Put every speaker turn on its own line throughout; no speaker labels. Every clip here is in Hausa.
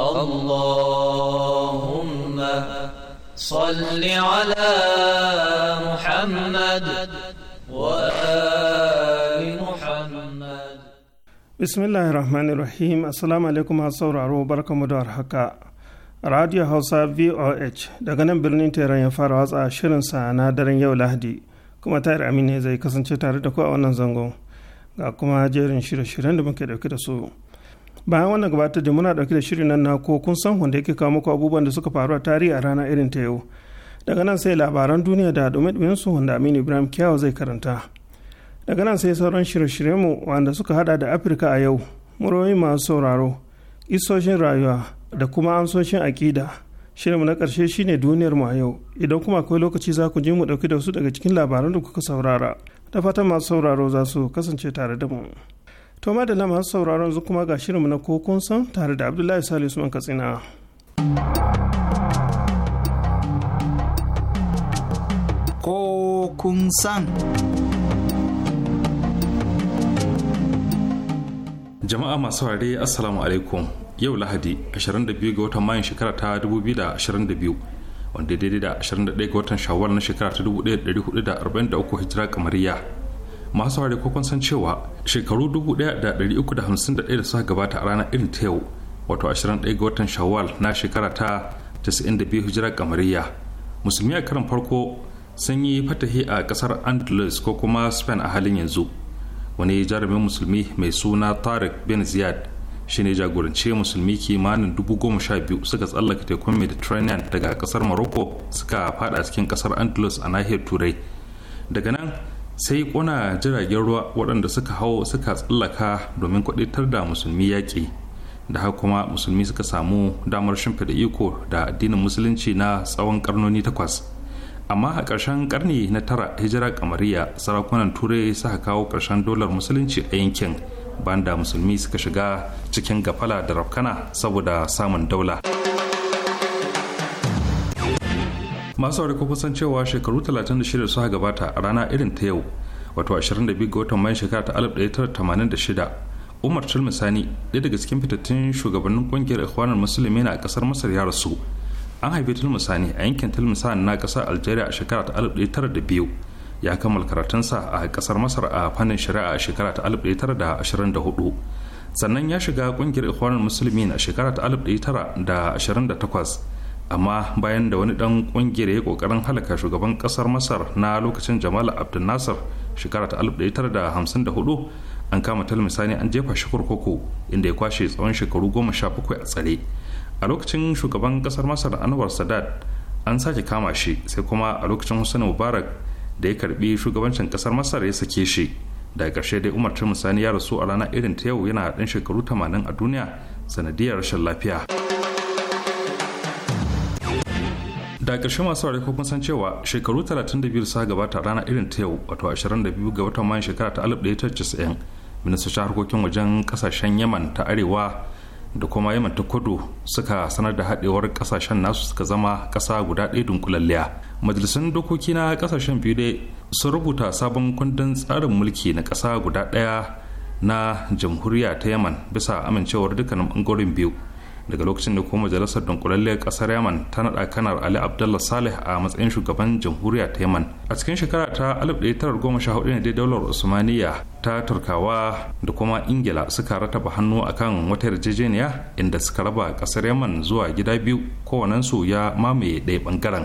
اللهم
صل
على محمد وآل محمد
بسم الله الرحمن الرحيم السلام عليكم sauraro barkamu da haka Radio Hausa VOH daga nan birnin Teran ya fara watsa shirin na daren yau Lahadi kuma tayar ne zai kasance tare da ku a wannan zangon ga kuma jerin shirye-shiryen da muke dauke da su. bayan wannan gabatar da muna dauke da shirin nan na ko kun san wanda yake kawo muku abubuwan da suka faru a tarihi a rana irin ta yau daga nan sai labaran duniya da domin su wanda aminu ibrahim kyawu zai karanta daga nan sai sauran shirye-shirye mu wanda suka hada da afirka a yau muroyi masu sauraro isoshin rayuwa da kuma amsoshin aƙida shirinmu na ƙarshe shine duniyar mu a yau idan kuma akwai lokaci za ku ji mu dauki da wasu daga cikin labaran da kuka saurara da fatan masu sauraro za su kasance tare da mu. to madalla masu sauraron zu kuma ga shirinmu na kokon san tare da abdullahi salisu usman katsina
kokun san
jama'a masu ware assalamu alaikum yau lahadi 22 ga watan mayun shekara ta 2022 wanda daidai da 21 ga watan shawwal na shekara ta 1443 hijira kamariya masu ware kokon san cewa shekaru 1351 da suka gabata a ranar irin ta yau wato 21 ga watan shawwal na shekara ta 92 hijirar kamariya musulmi a karan farko sun yi fatahi a kasar andalus ko kuma spain a halin yanzu wani jarumin musulmi mai suna tariq bin ziyad shi ne jagorance musulmi kimanin dubu goma suka tsallaka tekun mediterranean daga kasar morocco suka fada cikin kasar andalus a nahiyar turai daga nan sai kuna jiragen ruwa waɗanda suka hau suka tsallaka domin tar da musulmi yaƙi da haka kuma musulmi suka samu damar shimfiɗa iko da addinin musulunci na tsawon karnoni takwas amma a ƙarshen ƙarni na tara hijira kamariya sarakunan turai suka kawo ƙarshen dolar musulunci a yankin banda musulmi suka shiga cikin gafala da rafkana saboda samun daula. masu aure kusan cewa shekaru 36 suka gabata a rana irin ta yau wato 22 ga watan mai shekara ta 1986 umar tulmisani ɗaya daga cikin fitattun shugabannin ƙungiyar ikhwanar musulmi na kasar masar ya rasu an haifi tulmisani a yankin tulmisani na kasar algeria a shekara ta 1902 ya kammala karatunsa a kasar masar a fannin shari'a a shekara ta 1924 sannan ya shiga ƙungiyar ikhwanar musulmi a shekara ta 1928 amma bayan da wani dan kungiyar ya kokarin halaka shugaban kasar masar na lokacin jamal abdul nasir shekara ta 1954 an kama talmisani an jefa shi kurkuku inda ya kwashe tsawon shekaru goma sha bakwai a tsare a lokacin shugaban kasar masar anwar sadat an sake kama shi sai kuma a lokacin hussein mubarak da ya karbi shugabancin kasar masar ya sake shi daga karshe dai umar talmisani ya rasu a rana irin ta yau yana dan shekaru tamanin a duniya sanadiyar rashin lafiya. da ƙarshe masu ware kuma san cewa shekaru 32 sa gabata rana irin ta yau wato 22 ga watan mayan shekara ta 1990 ministocin harkokin wajen kasashen yaman ta arewa da kuma yaman ta kudu suka sanar da haɗewar kasashen nasu suka zama ƙasa guda ɗaya dunkulalliya majalisun dokoki na kasashen biyu dai sun rubuta sabon kundin tsarin mulki na ƙasa guda ɗaya na jamhuriya ta yaman bisa amincewar dukkanin ɓangaren biyu daga lokacin da kuma majalisar dunkulalliyar kasar yaman ta naɗa kanar ali abdullah saleh a matsayin shugaban jamhuriya ta yaman a cikin shekara ta 1914 ne dai daular usmaniya ta turkawa da kuma ingila suka rataba hannu akan wata yarjejeniya inda suka raba kasar yaman zuwa gida biyu kowanensu ya mamaye ɗaya bangaren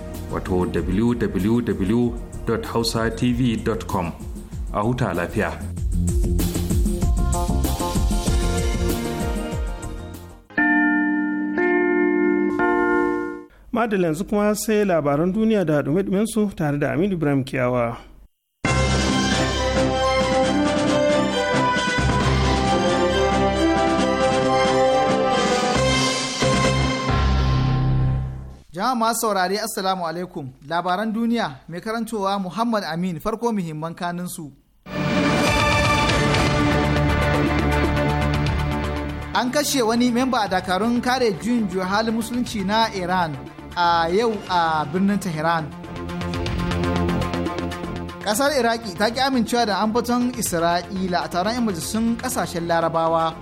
wato www.hausatv.com a huta lafiya.
Madalla yanzu kuma sai labaran duniya da dumi su tare da Aminu Ibrahim Kiyawa.
jama'a masu saurari assalamu alaikum labaran duniya mai karantowa muhammad amin farko muhimman kanin an kashe wani memba a dakarun kare juyin halin musulunci na iran a yau a birnin tehran kasar iraki ta ki amincewa da ambaton isra'ila a taron 'yan majalisun kasashen larabawa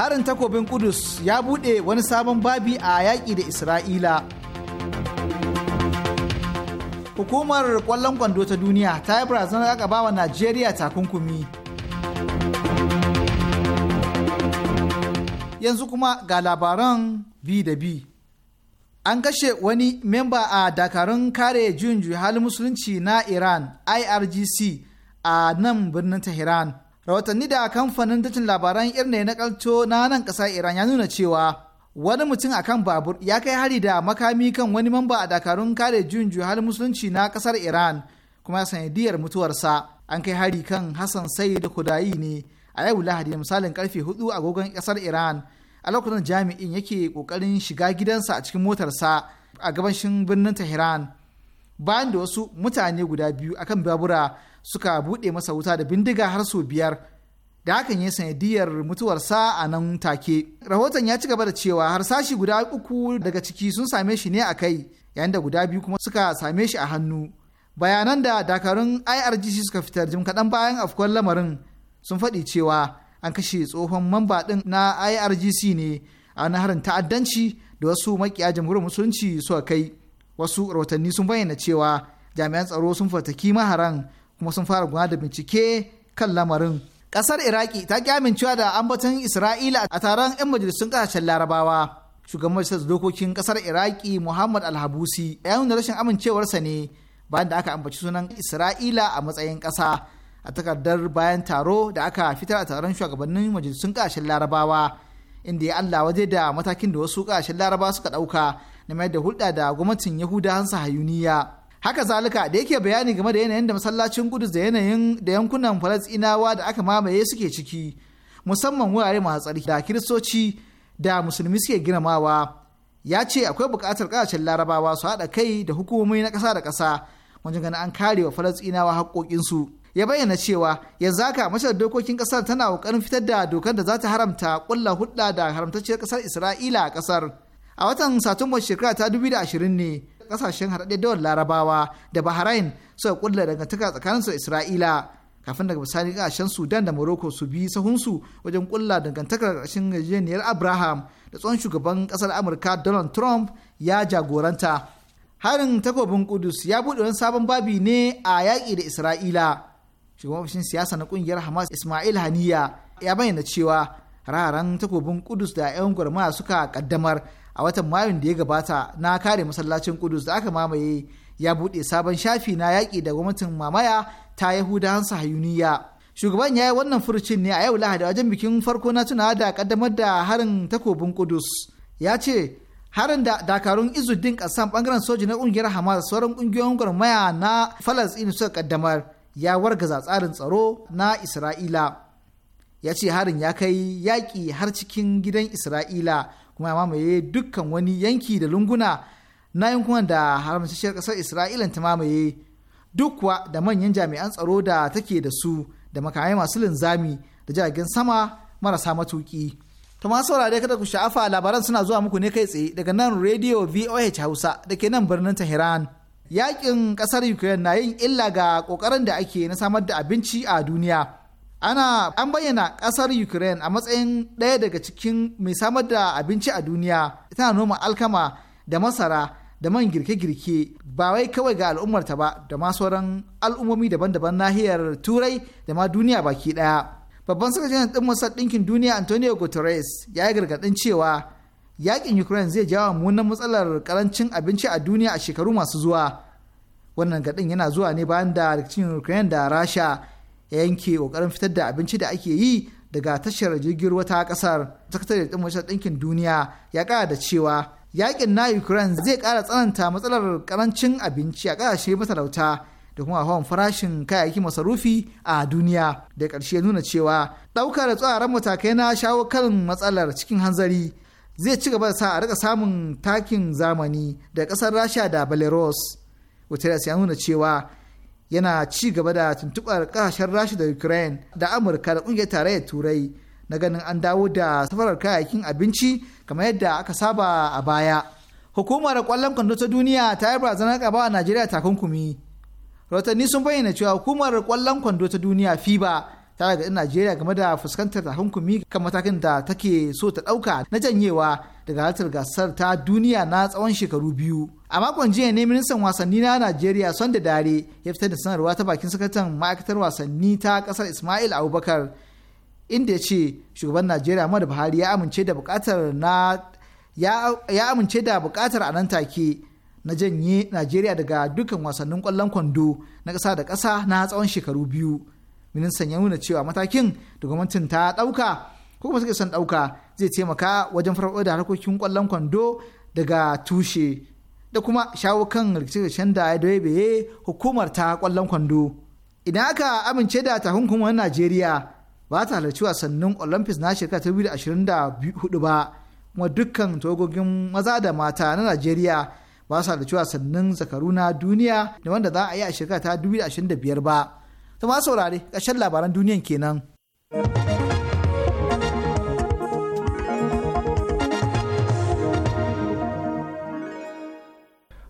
harin takobin Kudus ya buɗe wani sabon babi a yaƙi da Isra'ila. Hukumar ƙwallon kwando ta duniya ta yi barazanar gaba wa Najeriya takunkumi. Yanzu kuma ga labaran bi da bi. An kashe wani memba a dakarun kare juyin halin musulunci na Iran IRGC a nan birnin Tehran. rahotanni da kamfanin dacin labaran irne na kalto na nan ƙasa iran ya nuna cewa wani mutum akan babur ya kai hari da makami kan wani mamba a dakarun kare juyin juhal musulunci na ƙasar iran kuma ya sanadiyar mutuwarsa an kai hari kan hassan da kudayi ne a yau lahadi misalin karfe hudu agogon ƙasar iran a lokacin jami'in yake ƙoƙarin shiga gidansa a cikin motarsa a gabashin birnin tehran bayan da wasu mutane guda biyu akan babura suka buɗe masa wuta da bindiga har sau biyar da hakan ya sanadiyar mutuwarsa a nan take. Rahoton ya ci gaba da cewa har sashi guda uku daga ciki sun same shi ne a kai yayin da guda biyu kuma suka same shi a hannu. Bayanan da dakarun IRGC suka fitar jim kaɗan bayan afkuwar lamarin sun faɗi cewa an kashe tsohon mamba ɗin na IRGC ne a wani harin ta'addanci da wasu makiya jamhuriyar musulunci suka kai. Wasu rahotanni sun bayyana cewa jami'an tsaro sun fataki maharan kuma sun fara gudanar da bincike kan lamarin ƙasar iraki ta ki amincewa da ambaton isra'ila a taron 'yan majalisun ƙasashen larabawa shugaban majalisar dokokin ƙasar iraki muhammad alhabusi ya nuna rashin amincewarsa ne bayan da aka ambaci sunan isra'ila a matsayin ƙasa. a takardar bayan taro da aka fitar a taron shugabannin majalisun kasashen larabawa inda ya allah waje da matakin da wasu ƙasashen larabawa suka ɗauka na mayar da hulɗa da gwamnatin yahuda hansa hayuniya. haka zalika da yake bayani game da yanayin da masallacin kudus da yanayin da yankunan falasɗinawa da aka mamaye suke ciki musamman wurare masu tsarki da kiristoci da musulmi suke girmamawa ya ce akwai buƙatar ƙasashen larabawa su haɗa kai da hukumomi na ƙasa da ƙasa wajen ganin an kare wa falasɗinawa haƙoƙinsu ya bayyana cewa yanzu haka mashar dokokin ƙasar tana ƙoƙarin fitar da dokar da za ta haramta ƙulla hulɗa da haramtacciyar ƙasar isra'ila a ƙasar a watan satumbar shekara ta 2020 ne kasashen haɗaɗɗen da larabawa da bahrain suka kulla dangantaka tsakanin su isra'ila kafin daga misali kasashen sudan da morocco su bi sahunsu wajen kulla dangantakar ƙarshen gajeniyar abraham da tsohon shugaban ƙasar amurka donald trump ya jagoranta harin takobin kudus ya buɗe wani sabon babi ne a yaƙi da isra'ila shugaban ofishin siyasa na ƙungiyar hamas ismail haniya ya bayyana cewa raran takobin kudus da 'yan gwarmaya suka kaddamar a watan mayun da ya gabata na kare masallacin kudus da aka mamaye ya buɗe sabon shafi na yaƙi da gwamnatin mamaya ta yahudawan sahayuniya shugaban ya yi wannan furucin ne a yau lahadi wajen bikin farko na tuna da kaddamar da harin takobin kudus ya ce harin da dakarun izudin kasan bangaren soji na kungiyar hamas sauran kungiyoyin gwarmaya na falasɗinu suka kaddamar ya wargaza tsarin tsaro na isra'ila ya ce harin ya kai yaƙi har cikin gidan isra'ila kuma ya mamaye dukkan wani yanki da lunguna na yankunan da haramtacciyar kasar isra'ila ta mamaye duk kuwa da manyan jami'an tsaro da take da su da makamai masu linzami da jiragen sama marasa matuki. To masu saurare kada ku sha'afa labaran suna zuwa muku ne kai tsaye daga nan Radio VOH Hausa da ke nan birnin Tehran. Yakin ƙasar Ukraine na yin illa ga ƙoƙarin da ake na samar da abinci a duniya. ana an bayyana kasar ukraine a matsayin ɗaya daga cikin mai samar da abinci a duniya tana noma alkama da masara da man girke-girke ba wai kawai ga al'ummarta ba da ma sauran al'ummomi daban-daban nahiyar turai da ma duniya baki ɗaya babban sakataren ɗin masar ɗinkin duniya antonio guterres ya yi gargaɗin cewa yakin ukraine zai jawo munnan matsalar karancin abinci a duniya a shekaru masu zuwa wannan gaɗin yana zuwa ne bayan da rikicin ukraine da rasha ya yanke kokarin fitar da abinci da ake yi daga tashar jirgin ruwa ta kasar sakatare din majalisar ɗinkin duniya ya kara da cewa yakin na ukraine zai kara tsananta matsalar karancin abinci a ƙasashe matalauta da kuma hawan farashin kayayyaki masarufi a duniya da ƙarshe nuna cewa ɗaukar da matakai na shawo kan matsalar cikin hanzari zai ci gaba da sa a rika samun takin zamani da ƙasar rasha da belarus guterres ya nuna cewa yana ci gaba da tuntuɓar kasashen rashi da ukraine da amurka da ƙungiyar tarayyar turai na ganin an dawo da safarar kayayyakin abinci kamar yadda aka saba a baya hukumar kwallon kwando ta duniya ta yi barazanar ƙaba a najeriya takunkumi rahotanni sun bayyana cewa hukumar kwallon kwando ta duniya fiba ta daga Najeriya game da fuskantar hankumi kan matakin da take so ta ɗauka na janyewa daga halartar gasar ta duniya na tsawon shekaru biyu. A makon jiya ne ministan wasanni na Najeriya son da dare ya fitar da sanarwa ta bakin sakatan ma'aikatar wasanni ta kasar Ismail Abubakar inda ya ce shugaban Najeriya Muhammadu Buhari ya amince da buƙatar na ya amince da buƙatar a nan take na janye Najeriya daga dukkan wasannin kwallon kwando na kasa da kasa na tsawon shekaru biyu. ministan sanya nuna cewa matakin da gwamnatin ta ɗauka ko kuma suke son ɗauka zai taimaka wajen farfaɗo da harkokin ƙwallon kwando daga tushe da kuma shawo kan rikice-rikicen da ya dabaibaye hukumar ta ƙwallon kwando idan aka amince da takunkumin najeriya ba ta halarci wasannin olympics na shekara ta 2024 ba kuma dukkan togogin maza da mata na najeriya ba sa halarci wasannin zakaru na duniya da wanda za a yi a shekara ta 2025 ba ta ma saurare ƙarshen labaran duniyan kenan.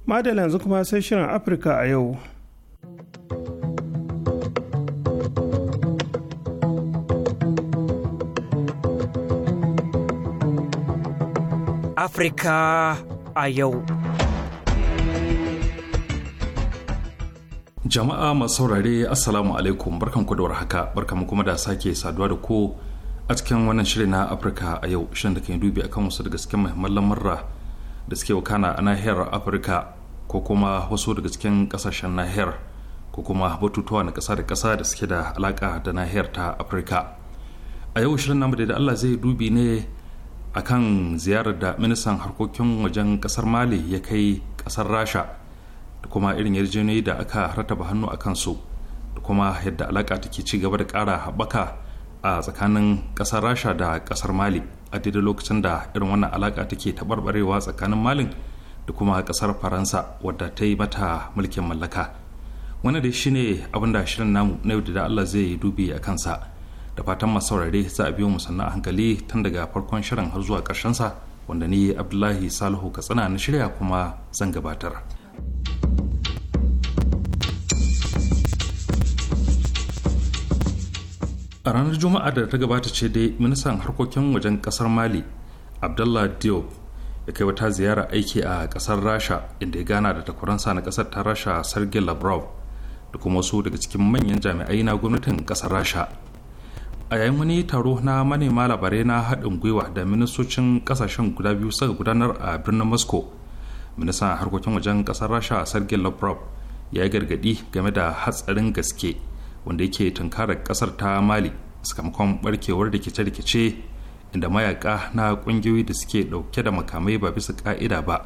Madalla yanzu kuma sai shirin Afirka a yau.
Afirka a yau.
jama'a masu saurare assalamu alaikum barkan ku da warhaka barkan mu kuma da sake saduwa da ku a cikin wannan shirin na afirka a yau shirin da kan dubi akan wasu daga cikin muhimman lamarra da suke wakana a nahiyar afirka ko kuma wasu daga cikin kasashen nahiyar ko kuma batutuwa na kasa da kasa da suke da alaka da nahiyar ta afirka a yau shirin namu da allah zai dubi ne akan ziyarar da ministan harkokin wajen kasar mali ya kai kasar rasha da kuma irin yarjejeniyoyi da aka rataba hannu a kansu da kuma yadda alaka take ci gaba da ƙara haɓaka a tsakanin ƙasar rasha da ƙasar mali a daidai lokacin da irin wannan alaka take taɓarɓarewa tsakanin malin da kuma ƙasar faransa wadda ta yi mata mulkin mallaka wani da shi ne abin da shirin namu na yau da allah zai yi dubi a kansa da fatan masu saurare za a biyo mu sannan a hankali tun daga farkon shirin har zuwa sa wanda ni abdullahi salihu katsina na shirya kuma zan gabatar. a ranar juma'a da ta gabata ce dai ministan harkokin wajen kasar mali abdullah diop ya kai wata ziyara aiki a kasar rasha inda ya gana da takwaransa na kasar ta rasha sergei lavrov da kuma wasu daga cikin manyan jami'ai na gwamnatin kasar rasha a yayin wani taro na manema labarai na haɗin gwiwa da ministocin kasashen guda biyu suka gudanar a birnin moscow ministan harkokin wajen kasar rasha sergei lavrov ya yi gargaɗi game da hatsarin gaske wanda yake tunkarar kasar ta mali sakamakon barkewar rikice-rikice inda mayaka na kungiyoyi da suke dauke da makamai ba bisa ka'ida ba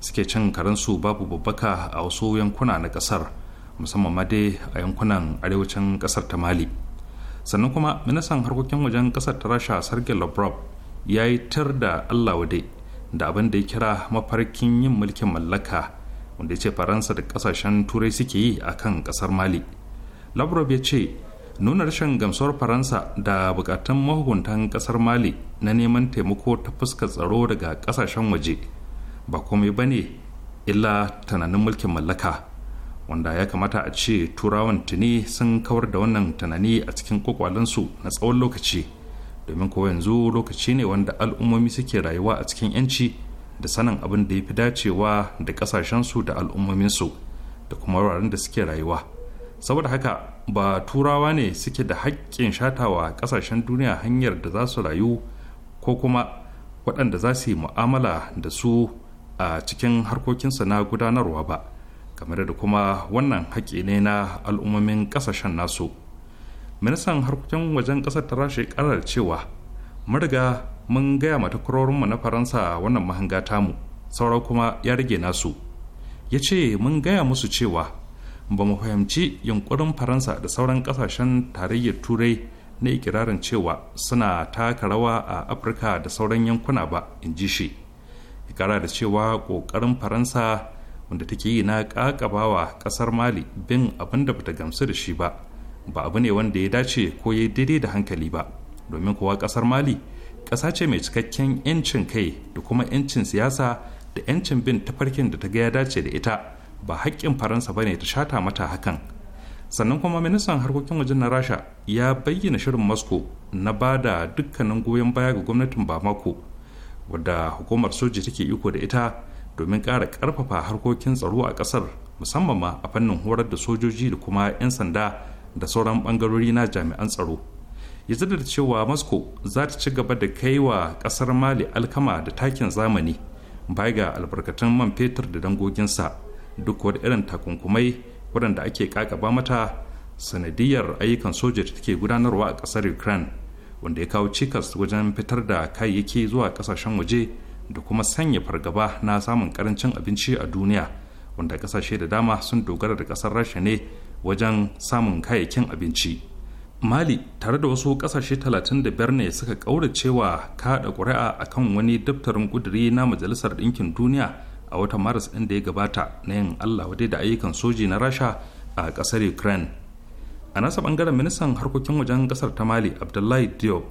suke cin karansu babu babbaka a wasu yankuna na kasar musamman ma dai a yankunan arewacin kasar ta mali sannan kuma ministan harkokin wajen kasar ta rasha sergei lavrov ya yi tar da allah wade da abin da ya kira mafarkin yin mulkin mallaka wanda ya ce faransa da kasashen turai suke yi a kan kasar mali lavrov ya ce nuna rashin gamsuwar faransa da bukatun mahukuntan kasar mali na neman taimako ta fuskar tsaro daga kasashen waje ba komai ba ne illa tunanin mulkin mallaka wanda ya kamata a ce turawan tuni sun kawar da wannan tunani a cikin kwakwalansu na tsawon lokaci domin ko yanzu lokaci ne wanda al'ummomi suke rayuwa a cikin 'yanci da sanin abin da ya fi dacewa da kasashensu da al'ummominsu da kuma wuraren da suke rayuwa saboda haka ba turawa ne suke da haƙƙin shatawa ƙasashen duniya hanyar da za su rayu ko kuma waɗanda za su yi mu'amala da su a cikin harkokinsu na gudanarwa ba kamar da kuma wannan haƙƙi ne na al'ummomin ƙasashen nasu ministan harkokin wajen ƙasar ta rashe ƙarar cewa murga mun gaya mata kurorinmu na faransa wannan mahanga tamu saura kuma ya rage nasu ya ce mun gaya musu cewa ba mu fahimci yunkurin faransa da sauran kasashen tarayyar turai na ikirarin cewa suna taka rawa a afirka da sauran yankuna ba in ji shi ikara da cewa kokarin faransa wanda take yi na kakabawa ƙasar mali bin abin da bata gamsu da shi ba ba abu ne wanda ya dace ko ya daidai da hankali ba domin kowa ƙasar mali ƙasa ce mai cikakken 'yancin kai da kuma 'yancin siyasa da 'yancin bin tafarkin da ta ga ya dace da ita ba haƙƙin faransa ba ne ta shata mata hakan sannan kuma ministan harkokin wajen na rasha ya bayyana shirin moscow na ba da dukkanin goyon baya ga gwamnatin bamako wadda hukumar soji take iko da ita domin ƙara ƙarfafa harkokin tsaro a ƙasar musamman ma a fannin horar da sojoji da kuma 'yan sanda da sauran ɓangarori na jami'an tsaro ya da cewa moscow za ta ci gaba da kai wa ƙasar mali alkama da takin zamani baya ga albarkatun man fetur da dangoginsa duk wani irin takunkumai waɗanda ake kakaba mata sanadiyar ayyukan soja da take gudanarwa a ƙasar ukraine wanda ya kawo cikas wajen fitar da kayayyaki zuwa ƙasashen waje da kuma sanya fargaba na samun ƙarancin abinci a duniya wanda ƙasashe da dama sun dogara da ƙasar rasha ne wajen samun kayayyakin abinci mali tare da wasu ƙasashe 35 ne suka ƙauracewa kaɗa ƙuri'a akan wani daftarin ƙuduri na majalisar ɗinkin duniya a watan maris ɗin da ya gabata na yin allah wadai da ayyukan soji na rasha a ƙasar ukraine a nasa ɓangaren ministan harkokin wajen ƙasar ta mali abdullahi diop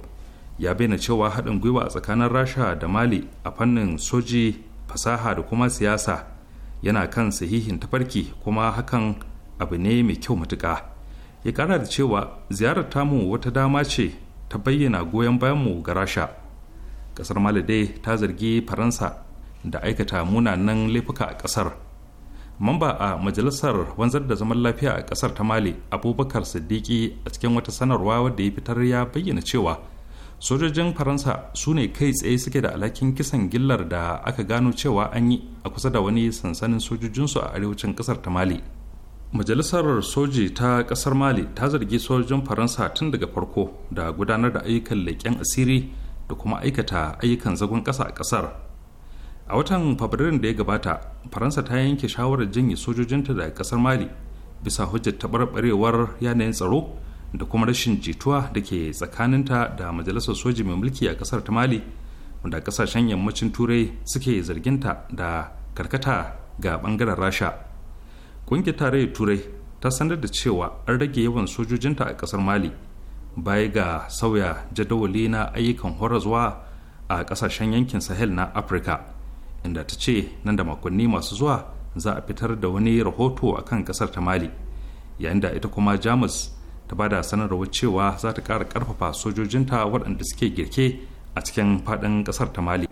ya bayyana cewa haɗin gwiwa a tsakanin rasha da mali a fannin soji fasaha da kuma siyasa yana kan sahihin tafarki kuma hakan abu ne mai kyau matuka ya kara da cewa ziyarar tamu wata dama ce ta bayyana goyon bayanmu ga rasha ƙasar mali dai ta zargi faransa da aikata munanan laifuka a ƙasar mamba a majalisar wanzar da zaman lafiya a ƙasar ta mali abubakar siddiqi a cikin wata sanarwa wadda ya fitar ya bayyana cewa sojojin faransa su ne kai tsaye suke da alhakin kisan gillar da aka gano cewa an yi a kusa da wani sansanin sojojinsu a arewacin ƙasar ta mali majalisar soji ta kasar mali ta zargi sojojin faransa tun daga farko da gudanar da ayyukan leƙen asiri da kuma aikata ayyukan zagon ƙasa a ƙasar a watan fabrairun da ya gabata faransa ta yanke shawarar janye sojojinta daga kasar mali bisa hujjar taɓarɓarewar yanayin tsaro da kuma rashin jituwa da ke tsakaninta da majalisar soji mai mulki a kasar ta mali wanda kasashen yammacin turai suke zarginta da karkata ga bangaren rasha ƙungiyar tarayyar turai ta sanar da cewa an rage yawan sojojinta a kasar mali baya ga sauya jadawali na ayyukan horazwa a kasashen yankin sahel na afirka inda ta ce nan da makonni masu zuwa za a fitar da wani rahoto a kan kasar ta mali yayin da ita kuma jamus ta bada sanarwar cewa za ta ƙara ƙarfafa sojojinta waɗanda suke girke a cikin faɗin ƙasar ta mali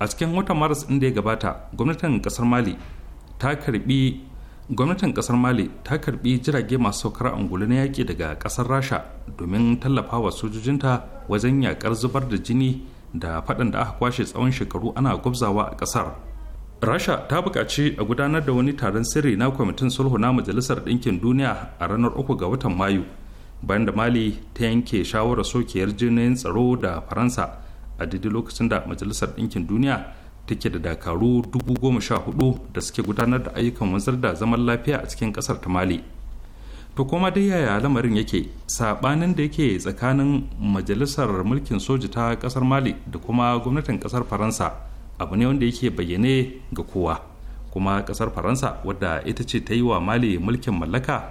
a cikin watan maris inda ya gabata gwamnatin ƙasar mali ta karbi gwamnatin kasar mali ta karbi jirage masu saukar angulu na yaki daga kasar rasha domin tallafa wa sojojinta wajen yaƙar zubar da jini da faɗan da aka kwashe tsawon shekaru ana gwabzawa a ƙasar rasha ta buƙaci a gudanar da wani taron sirri na kwamitin sulhu na majalisar ɗinkin duniya a ranar uku ga watan mayu bayan da mali ta yanke shawarar sokiyar jinin tsaro da faransa a daidai lokacin da majalisar ɗinkin duniya take da dakaru dubu goma sha hudu da suke gudanar da ayyukan wanzar da zaman lafiya a cikin kasar ta mali to kuma dai yaya lamarin yake sabanin da yake tsakanin majalisar mulkin soja ta kasar mali da kuma gwamnatin kasar faransa abu ne wanda yake bayyane ga kowa kuma kasar faransa wadda ita ce ta yi wa mali mulkin mallaka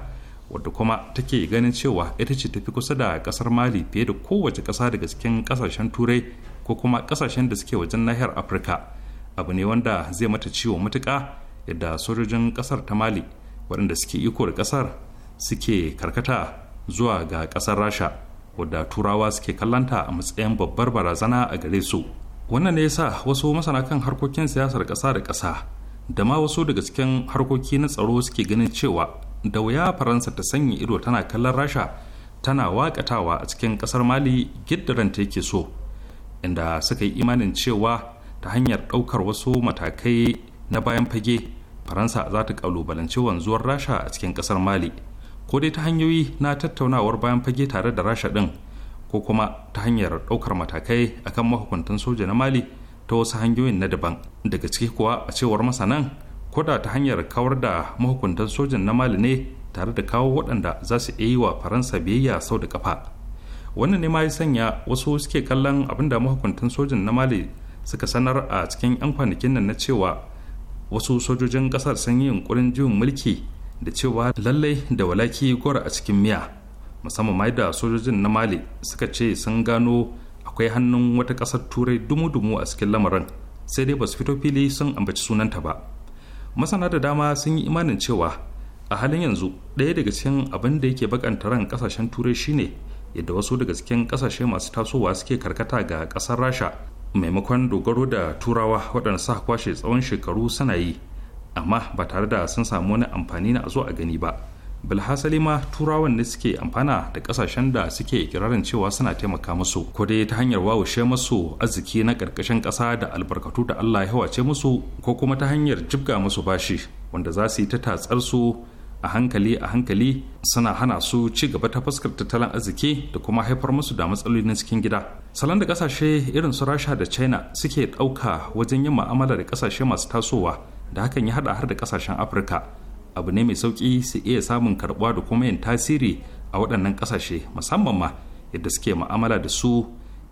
wadda kuma take ganin cewa ita ce tafi kusa da kasar mali fiye da kowace kasa daga cikin kasashen turai ko kuma kasashen da suke wajen nahiyar afirka abu ne wanda zai mata ciwo matuƙa yadda sojojin ƙasar ta mali waɗanda suke iko da ƙasar suke karkata zuwa ga ƙasar rasha wadda turawa suke kallanta a matsayin babbar barazana a gare su wannan ne yasa wasu masana kan harkokin siyasar ƙasa da ƙasa da ma wasu daga cikin harkoki na tsaro suke ganin cewa da wuya faransa ta sanya ido tana kallon rasha tana wakatawa a cikin ƙasar mali gidda ranta yake so inda suka yi imanin cewa ta hanyar ɗaukar wasu matakai na bayan fage faransa za ta kalubalanci wanzuwar rasha a cikin ƙasar mali ko dai ta hanyoyi na tattaunawar bayan fage tare da rasha ɗin ko kuma ta hanyar ɗaukar matakai akan mahukuntan soja na mali ta wasu hanyoyin na daban daga ciki kuwa a cewar masanan koda ta hanyar kawar da mahukuntan sojan na mali ne tare da kawo waɗanda za su iya yi wa faransa biyayya sau da kafa wannan ne ma ya sanya wasu suke kallon abinda mahukuntan sojan na mali suka sanar a cikin 'yan kwanakin nan na cewa wasu sojojin kasar sun yi yunkurin juyin mulki da cewa lallai da walaki gora a cikin miya musamman mai da sojojin na mali suka ce sun gano akwai hannun wata kasar turai dumu-dumu a cikin lamarin sai dai basu fito fili sun ambaci sunanta ba masana da dama sun yi imanin cewa a halin yanzu ɗaya daga cikin abin da yake bakanta ran kasashen turai shine yadda wasu daga cikin kasashe masu tasowa suke karkata ga kasar rasha maimakon dogaro da turawa waɗanda sa kwashe tsawon shekaru suna yi amma ba tare da sun samu wani amfani na zo a gani ba bilhassali ma turawan ne suke amfana da kasashen da suke kirarin cewa suna taimaka musu ko dai ta hanyar wawushe musu arziki na ƙarƙashin ƙasa da albarkatu da allah ya wace musu ko kuma ta hanyar jibga musu bashi wanda za su yi ta tatsar su a hankali a hankali suna hana su ci gaba ta fuskar tattalin arziki da kuma haifar musu da matsaloli na cikin gida salon da kasashe irin su rasha da china suke ɗauka wajen yin ma'amala da kasashe masu tasowa da hakan ya haɗa har da kasashen afirka abu ne mai sauƙi su iya samun karbuwa da kuma yin tasiri a waɗannan kasashe musamman ma yadda suke ma'amala da su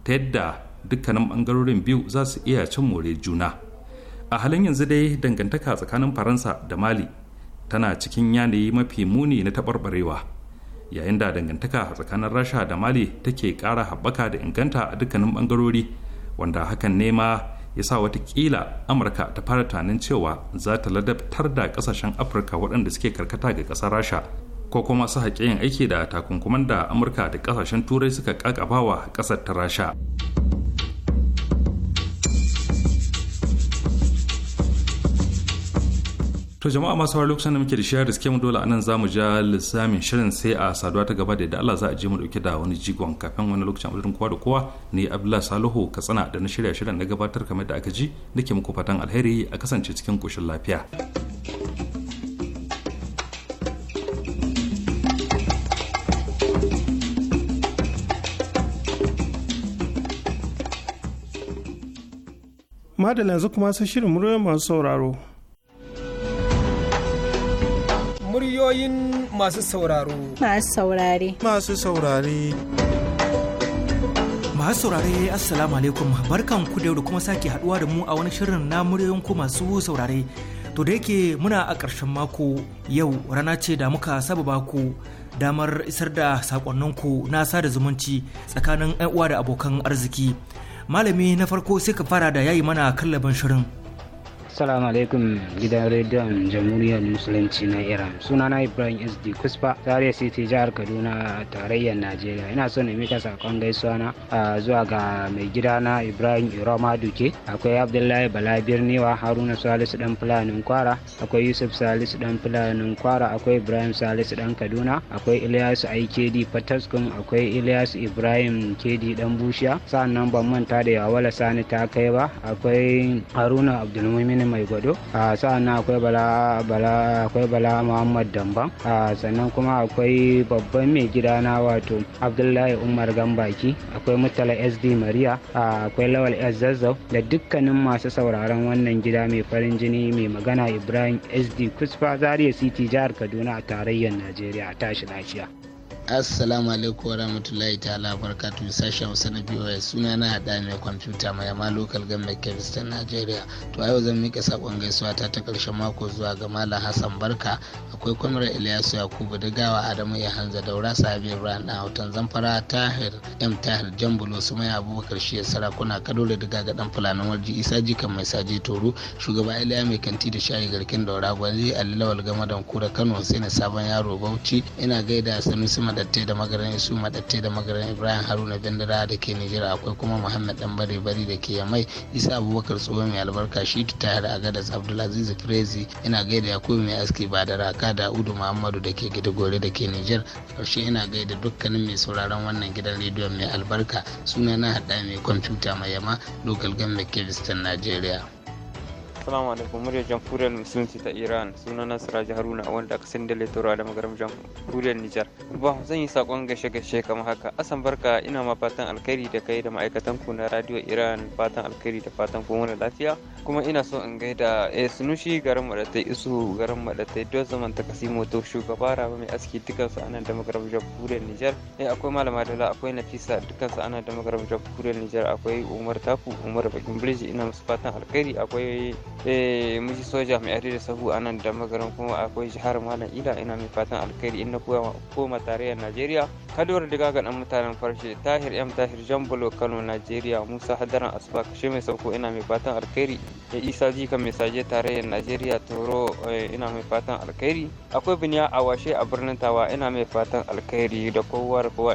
ta yadda dukkanin bangarorin biyu za su iya cin more juna a halin yanzu dai dangantaka tsakanin faransa da mali tana cikin yanayi mafi muni na taɓarɓarewa yayin da dangantaka tsakanin rasha da mali take ƙara haɓaka da inganta a dukkanin ɓangarori wanda hakan nema ya sa watakila amurka ta fara tunanin cewa za ta ladabtar da ƙasashen afirka waɗanda suke karkata ga ƙasar rasha ko kuma su haƙe yin aiki da takunkuman da amurka da ƙasashen turai suka ƙaƙabawa ƙasar ta rasha to jama'a masu sauraro lokacin da muke da shiyar riske mu dole anan mu ja lissamin shirin sai a saduwa ta gaba da yadda Allah za a je mu dauke da wani jigon kafin wani lokacin abudin kowa da kowa ne Abdullahi Salihu Katsina da na shirya shirin na gabatar kamar da aka ji nake muku fatan alheri a kasance cikin koshin lafiya.
Madalla yanzu kuma sai shirin muryoyin masu sauraro.
ra'ayoyin masu sauraro.
Masu
saurare. Masu saurare. masu saurare assalamu alaikum barkan ku da kuma sake haduwa da mu a wani shirin na muryoyin ku masu saurare to da yake muna a ƙarshen mako yau rana ce da muka saba baku damar isar da sakonninku na sada zumunci tsakanin 'yan uwa da abokan arziki malami na farko sai ka fara da yayi mana kallaban shirin
Assalamu alaikum gidan rediyon jamhuriyar musulunci na Iran. Suna na Ibrahim SD Kuspa, Zaria City jihar Kaduna tarayyar Najeriya. Ina so na mika sakon gaisuwa na zuwa ga mai gida na Ibrahim Iroma Duke, akwai Abdullahi Bala Birniwa, Haruna Salisu dan Fulanin Kwara, akwai Yusuf Salisu dan Fulanin Kwara, akwai Ibrahim Salisu dan Kaduna, akwai Ilyasu IKD Fataskun, akwai Ilyasu Ibrahim KD dan Bushiya, sa'annan ban manta da Yawala Sani ta kai ba, akwai Haruna Abdulmumin sani mai gwado sa'an nan akwai bala bala akwai muhammad damban sannan kuma akwai babban mai gida na wato abdullahi umar gambaki akwai mutala sd maria akwai lawal s zazzau da dukkanin masu sauraron wannan gida mai farin jini mai magana ibrahim sd kusfa zaria city jihar kaduna a tarayyar najeriya a tashi lafiya assalamu
alaikum wa rahmatullahi ta'ala barkatu sashen hausa na biyu suna na hada mai kwamfuta mai yama lokal gan kebis ta nigeria to a yau zan mika sakon gaisuwa ta ta karshen mako zuwa ga malam hassan barka akwai kwamar ilyasu yakubu gawa adamu ya hanza daura sabi ran a hoton zamfara tahir m tahir jambulo su mai abubakar shi ya sarakuna kadore diga ga dan fulanin warji isa jikan mai saje toro shugaba iliya mai kanti da shayi garkin daura gwanzi alilawal gama da kura kano sai na sabon yaro bauchi ina gaida sanusi da. madatte da magaran isu madatte da magaran ibrahim haruna dandara da ke nijar akwai kuma muhammad dan bare bari da ke yamai isa abubakar tsohon mai albarka shi a agadas abdulaziz crazy ina gaida yakubu mai aski ba da raka da udu muhammadu da ke gida gore da ke nijar karshe ina gaida dukkanin mai sauraron wannan gidan rediyon mai albarka suna na hada mai kwamfuta mai yama gan mai kevistan Najeriya.
Assalamu alaikum muryar jamhuriyar musulunci ta Iran suna na Siraji Haruna wanda aka sanda letora da magaram jamhuriyar Nijar. Ba zan yi saƙon gashe gashe kamar haka. Asan barka ina ma fatan alkhairi da kai da ma'aikatan ku na Radio Iran fatan alkhairi da fatan ku wani lafiya. Kuma ina so in gaida a eh, Sunushi garin Madatai Isu garin Madatai don zaman ta Kasimo to shugaba Rabi mai aski dukkan su ana da magaram jamhuriyar Nijar. Eh akwai Malama Dala akwai Nafisa dukkan su ana da magaram jamhuriyar Nijar akwai Umar Taku Umar Bakin Bridge ina musu fatan alkhairi akwai Eh, mun ji soja mai ari da sahu a nan da magaran kuma akwai jihar malam ila ina mai fatan alkhairi inda na koma tarayyar najeriya kaduwar diga ga dan mutanen farshe tahir yam tahir jambulo kano najeriya musa hadaran asuba kashe mai sauko ina mai fatan alkhairi ya isa jika mai saje tarayyar najeriya toro eh, ina mai fatan alkhairi akwai biniya a washe a birnin tawa ina mai fatan alkhairi da kowa da kowa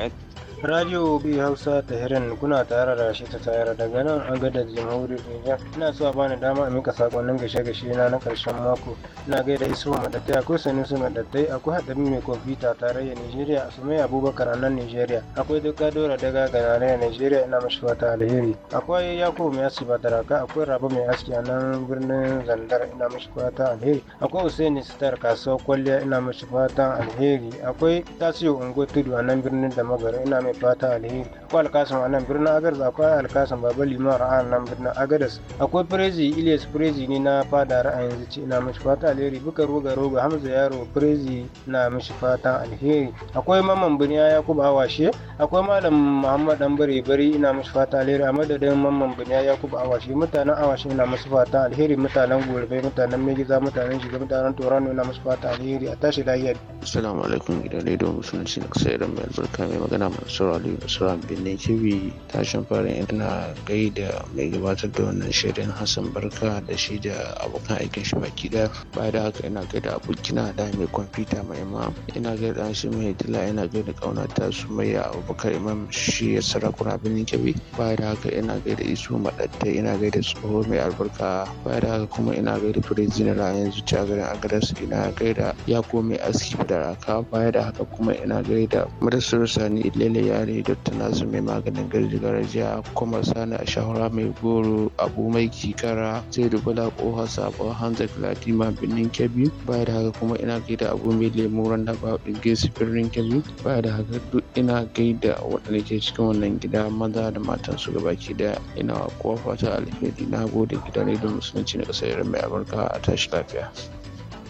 radio hausa ta herin kuna tare da shi ta tayar daga nan an gada jamhuriyar niger ina so a bani dama a mika sakonnin gashe gashe na na karshen mako ina gaida isa madattai akwai su madattai akwai haɗari mai kwamfuta tarayyar nigeria a sumai abubakar a nan nigeria akwai duka dora daga ganare nigeria ina mashi wata alheri akwai yako mai aski badaraka akwai rabu mai aski a nan birnin zandar ina mashi wata alheri akwai usaini sitar kasuwa kwalliya ina mashi fata alheri akwai tasiyo ungo tudu a nan birnin Damagara ina mai fata alheri akwai alkasan anan birnin agadas akwai alkasan baba limar a nan birnin agadas akwai firezi ilias firezi ne na fada ra'ayin zuci na mishi fata alheri buka roga roga hamza yaro firezi na mishi fata alheri akwai maman biniya yakubu awashe akwai malam muhammad dan bare bari ina mishi fata alheri a madadin maman biniya yakubu awashe mutanen awashe ina mishi fata alheri mutanen gurbe mutanen megiza mutanen shiga mutanen torano ina mishi fata alheri a tashi lafiya
assalamu alaikum gidan rediyo musulunci na kusa iran mai albarka mai magana mai Mansur Ali Usman Binne Kibi tashin farin ina gaida mai gabatar da wannan shirin Hassan Barka da shi da abokan aikin shi baki daya. Baya da haka ina gaida abokina da mai kwamfuta mai ma ina gaida shi mai tila ina gaida kauna ta su mai abubakar imam shi ya sarakuna Binne Kibi. Baya da haka ina gaida isu maɗatta ina gaida tsoho mai albarka. Baya da haka kuma ina gaida firizin ra'ayin yanzu garin agadas ina gaida ya mai aski da raka. Baya da haka kuma ina gaida madasar sani ilele yare Dr. Nasu mai maganin gargajiya kuma sani a shahara mai goro abu mai kikara sai dubula koha sabon hanzar ma birnin kebbi baya da haka kuma ina gaida abu mai lemu randa ba su birnin kebbi baya da haka duk ina gaida waɗanda ke cikin wannan gida maza da matan su gabaki daya ina kowa fata alheri na gode gidan don musulunci na ƙasar mai amurka a tashi lafiya.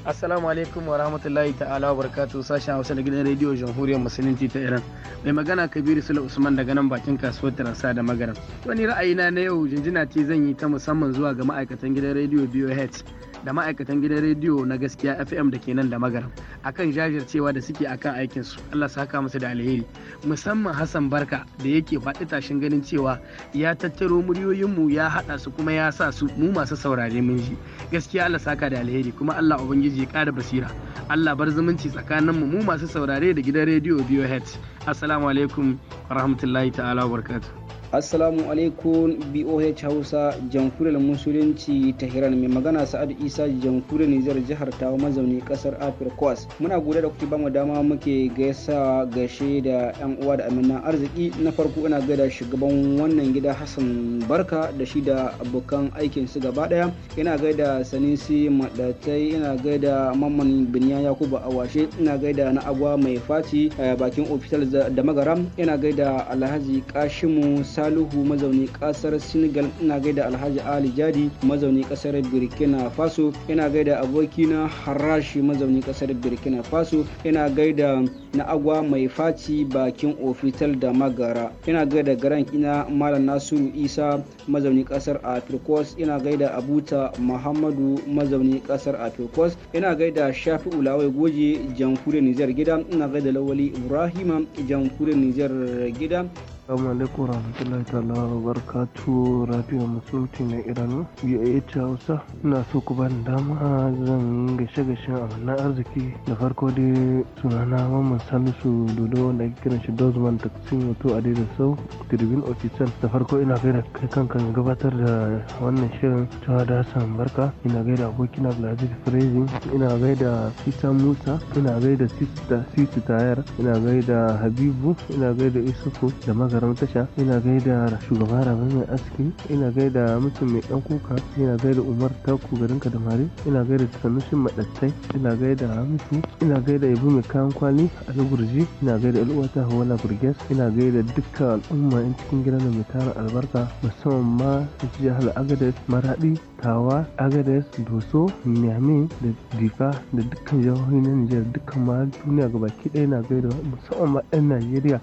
Assalamu alaikum wa rahmatullahi ta'ala wa barakatuh sashen Hausa da gidan rediyo Jamhuriyar Musulunci ta Iran. Mai magana Kabiru sule Usman daga nan bakin kasuwar Taransa da Magaram. Wani ra'ayina na yau jinjina ce zan yi ta musamman zuwa ga ma'aikatan gidan rediyo BOH da ma'aikatan gidan rediyo na gaskiya fm da ke nan da magaram akan jajircewa da suke akan aikinsu allah saka musu da alheri musamman hassan barka da yake faɗi tashin ganin cewa ya tattaro muryoyinmu ya haɗa su kuma ya sa su mu masu saurare mun ji gaskiya allah saka da alheri kuma allah ubangiji ya ƙara basira allah bar zumunci tsakaninmu mu masu saurare da gidan rediyo biyo assalamu alaikum rahmatullahi ta'ala wa barkatu.
Assalamu alaikum BOH Hausa jamhuriyar musulunci ta hiran mai magana Sa'adu Isa jamhuriyar Nijar jihar Tawa mazauni kasar Afirkos. Muna gode da kuke bamu dama muke gaisawa gaishe da yan uwa da aminan arziki na farko ina gaida shugaban wannan gida Hassan Barka da shi da abokan aikin su gaba daya. Ina gaida Sanisi Madatai, ina gaida Mamman Biniya Yakubu Awashe, ina gaida na agwa mai faci eh, bakin ofisar da magaram, ina gaida Alhaji Kashimu Salihu mazauni kasar Senegal ina gaida Alhaji Ali Jadi mazauni kasar Burkina Faso ina gaida abokina Harashi mazauni kasar Burkina Faso ina gaida na agwa mai faci bakin ofital da magara ina gaida garan ina malam nasiru isa mazauni kasar Afrikos ina gaida abuta muhammadu mazauni kasar Afrikos ina gaida shafi ulawai goje jamhuriyar nijar gida ina gaida lawali Ibrahim jamhuriyar nijar gida
Assalamu alaikum warahmatullahi ta'ala wa barakatu radio musulti na Iran ta Hausa ina so ku bani dama zan gashe gashe amanna arziki da farko dai sunana Mamman Salisu Dodo wanda ake kiran shi Dozman Taksim wato a daidai sau Tribune Official da farko ina gaida kai kanka gabatar da wannan shirin cewa da Hassan Barka ina gaida abokina Abdulaziz Frezi ina gaida Isa Musa ina gaida Sita Tayar ina gaida Habibu ina gaida Isufu da maza magaran tasha ina gaida shugaba rabe mai aski ina gaida mutum mai dan kuka ina gaida umar taku garin kadamari ina gaida tsanushin madattai ina gaida hamisu ina gaida ibu mai kayan kwali a lagurji ina gaida al'uwata hawala burges ina gaida dukkan al'umma yan cikin gidan mai tarin albarka musamman ma jihar agades maradi tawa agades doso niamey da difa da dukkan jihohi na nijar dukkan ma duniya gabaki ɗaya na gaida musamman ma 'yan najeriya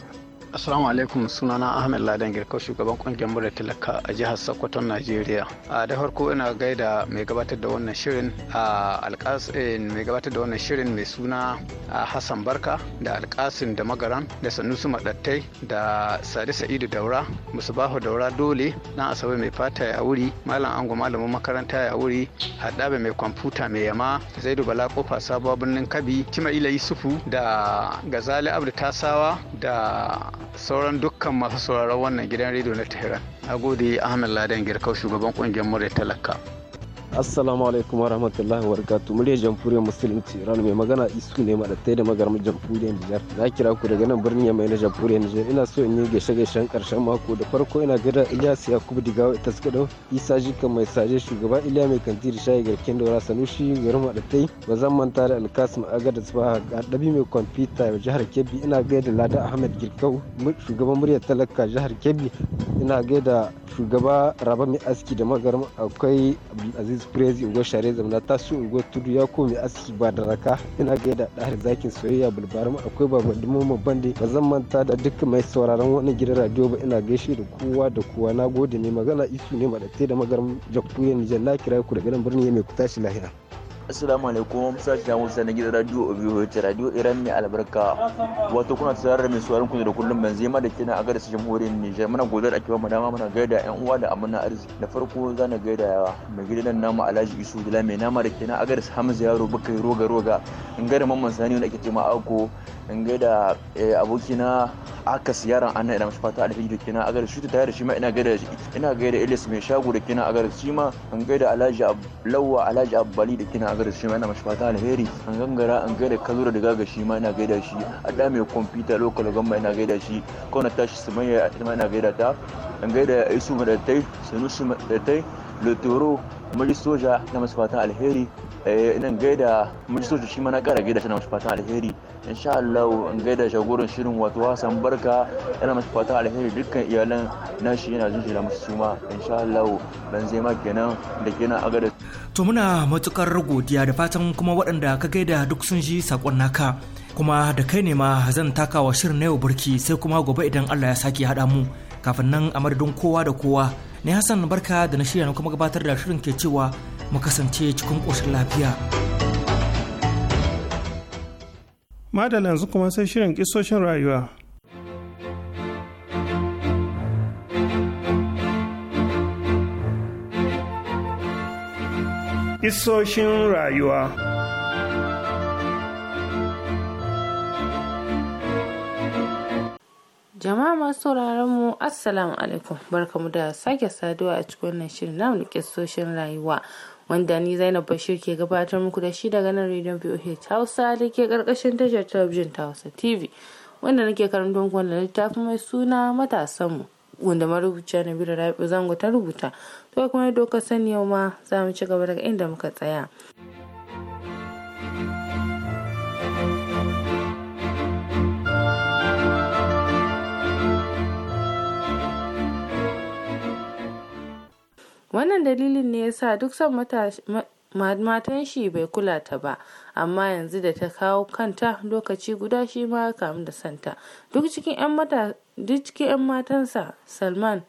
Assalamu alaikum sunana Ahmed Ladan girka shugaban kungiyar mura talaka a jihar Sokoto Najeriya. A da farko ina gaida mai gabatar da wannan shirin a alkasin eh, mai gabatar da wannan shirin mai suna a Hassan Barka da alkasin da magaran da sanusu Madattai da Sadi Sa'idu Daura musu Bahu Daura Dole na Asabe mai fata ya wuri Malam Ango malamin makaranta ya wuri Haɗabe mai kwamfuta mai yama Zaidu Bala kofa sabuwa birnin Kabi Kima Ila Yusufu da Gazali Abdu Tasawa da sauran dukkan masu sauraron wannan gidan rediyo na Tehran. gode Ahmed Ladan Girkau shugaban ƙungiyar murya talaka.
assalamu alaikum wa rahmatullahi wa barakatu muryar jamhuriyar musulunci rana mai magana isu ne ma da magarmar jamhuriyar nijar na kira ku daga nan birnin yamma na jamhuriyar nijar ina so in yi gaishe gaishen karshen mako da farko ina gaida ilyas yakubu digawa ita suka dau isa jika mai saje shugaba ilya mai kantiri shayi garkin daura sanushi garin yi ba zan manta da alkasim aga ba a ɗabi mai kwamfuta a jihar kebbi ina gaida lada ahmed girkau shugaban muryar talaka jihar kebbi ina gaida shugaba raba mai aski da magarmar akwai aziz prezi ugo share zamana tasu ugo tudu ya komi aski ba da raka ina gaida ɗahar zakin soyayya mu akwai baba mu bande ba zan manta da duk mai sauraron wannan gidan radio ba ina gaishe da kowa da kowa na gode ne magana isu ne madatai da magaram jakkuyen jalla na kira ku daga nan birni mai ku lahira.
Assalamu alaikum sashen Hausa na gidan radio OBH radio Iran mai albarka wato kuna tsara da mai suwarin ku da kullum ban zema da kina a su jamhuriyar Nijar muna gode a kiwa mu dama muna gaida yan uwa da amana arziki da farko za na gaida mai gidan namu Alhaji Isu Dila mai nama da kina a su Hamza Yaro baka Roga Roga in gaida mamman Sani wanda ake cewa Ako in gaida eh, abokina aka yaran an ina masu fata alheri da kina agar shi ta da shi ma ina gaida shi ina gaida mai shago da kina agar shi ma an gaida Alhaji Lawa Alhaji Abbali da kina agar shi ma ina masu fata alheri an gangara an gaida Kazura da gaga shi ma ina gaida shi a da mai kwamfuta lokal gamma ina gaida shi kona tashi sumayya ita ma ina gaida ta an gaida Isu Madatai Sanusi Madatai Lotoro Mali Soja na masu fata alheri Eh, idan gaida mun shi mana kara gaida tana masu fatan alheri sha Allah in gaida shagorin shirin wato wasan Barka yana mashi fatan alheri dukkan iyalan nashi yana a masu suma in sha Allah ban zai ma kenan da kenan agada to
muna matukar godiya da fatan kuma waɗanda ka gaida duk sun ji sakon naka kuma da kai ne ma zan taka wa shirin na yau barki sai kuma gobe idan Allah ya sake haɗa mu kafin nan a madadin kowa da kowa ne Hassan Barka da na shirya kuma gabatar da shirin ke cewa mu kasance cikin ƙoshin lafiya.
Madalla yanzu kuma sai shirin kisoshin rayuwa. Kisoshin rayuwa
Jama'a masu sauraron mu Assalamu alaikum barkamu da sake saduwa a cikin wannan shirin namu kissoshin rayuwa wanda ni Zainab Bashir ke gabatar muku da shi daga nan rediyon VOH Hausa da ke karkashin tashar talabijin ta Hausa TV wanda nake karanta muku wanda littafi mai suna matasanmu wanda marubuciya Nabila Rabi Zango ta rubuta to kuma yadda ka sani yau ma za mu ci gaba daga inda muka tsaya. dalilin ne yasa duk son matan shi bai kula ta ba amma yanzu da ta kawo kanta lokaci guda shi ma ya kamu da santa duk cikin 'yan matansa salman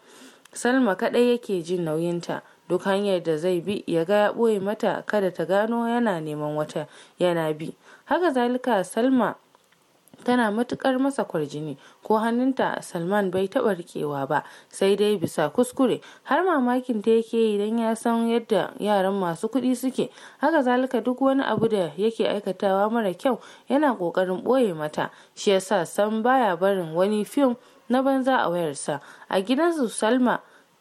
salma kadai yake jin nauyin ta duk hanyar da zai bi ya ga ya ɓoye mata kada ta gano yana neman wata yana bi haka zalika salma tana matukar masa kwarjini ko hannunta salman bai taba rikewa ba sai dai bisa kuskure har mamakin ta yake idan ya san yadda yaran masu kuɗi suke haka zalika duk wani abu da yake aikatawa mara kyau yana ƙoƙarin ɓoye mata shi yasa sam baya barin wani fim na banza a wayarsa a gidansu salma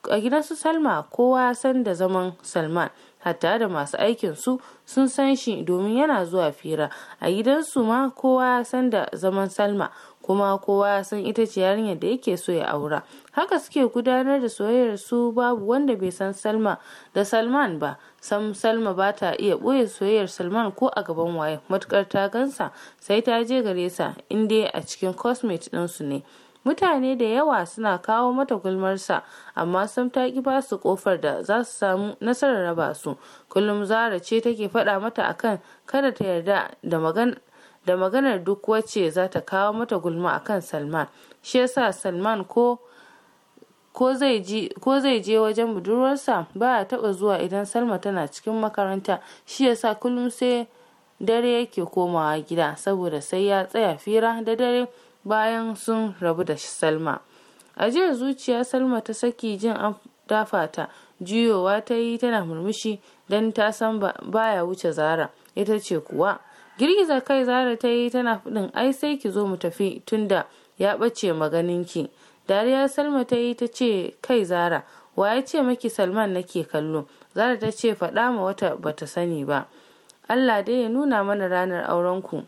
a gidansu salma kowa san da zaman salman hatta da masu aikin su sun san shi domin yana zuwa fira a gidansu ma kowa ya san da zaman salma kuma kowa ya san ita ce yarinyar da yake so ya aura haka suke gudanar da soyayyar su babu wanda bai san salma da salman ba sam salma ba ta iya ɓoye soyayyar salman ko a gaban waye matukar ta gansa sai ta je gare sa inda a cikin cosmate ɗinsu ne mutane da yawa suna kawo mata gulmarsa amma sun ta ki ba su kofar da za su samu nasarar raba su kullum zara ce take faɗa mata akan kada ta yarda da magana da maganar duk wacce za ta kawo mata gulma akan salman shi yasa salman ko zai je wajen budurwarsa ba ya taba zuwa idan salma tana cikin makaranta shi yasa kullum sai dare yake komawa gida saboda sai ya tsaya fira da dare bayan sun rabu da salma a jiya zuciya salma ta saki jin an dafa ta juyowa ta yi tana murmushi don ta san baya wuce zara ita ce kuwa girgiza kai zara ta yi tana fudin ai sai ki zo mu tafi tunda ya ɓace maganinki dariya salma ta yi ta ce kai zara wa ya ce maki salman nake kallo zara ta ce faɗa ma wata bata sani ba allah dai ya nuna mana ranar aurenku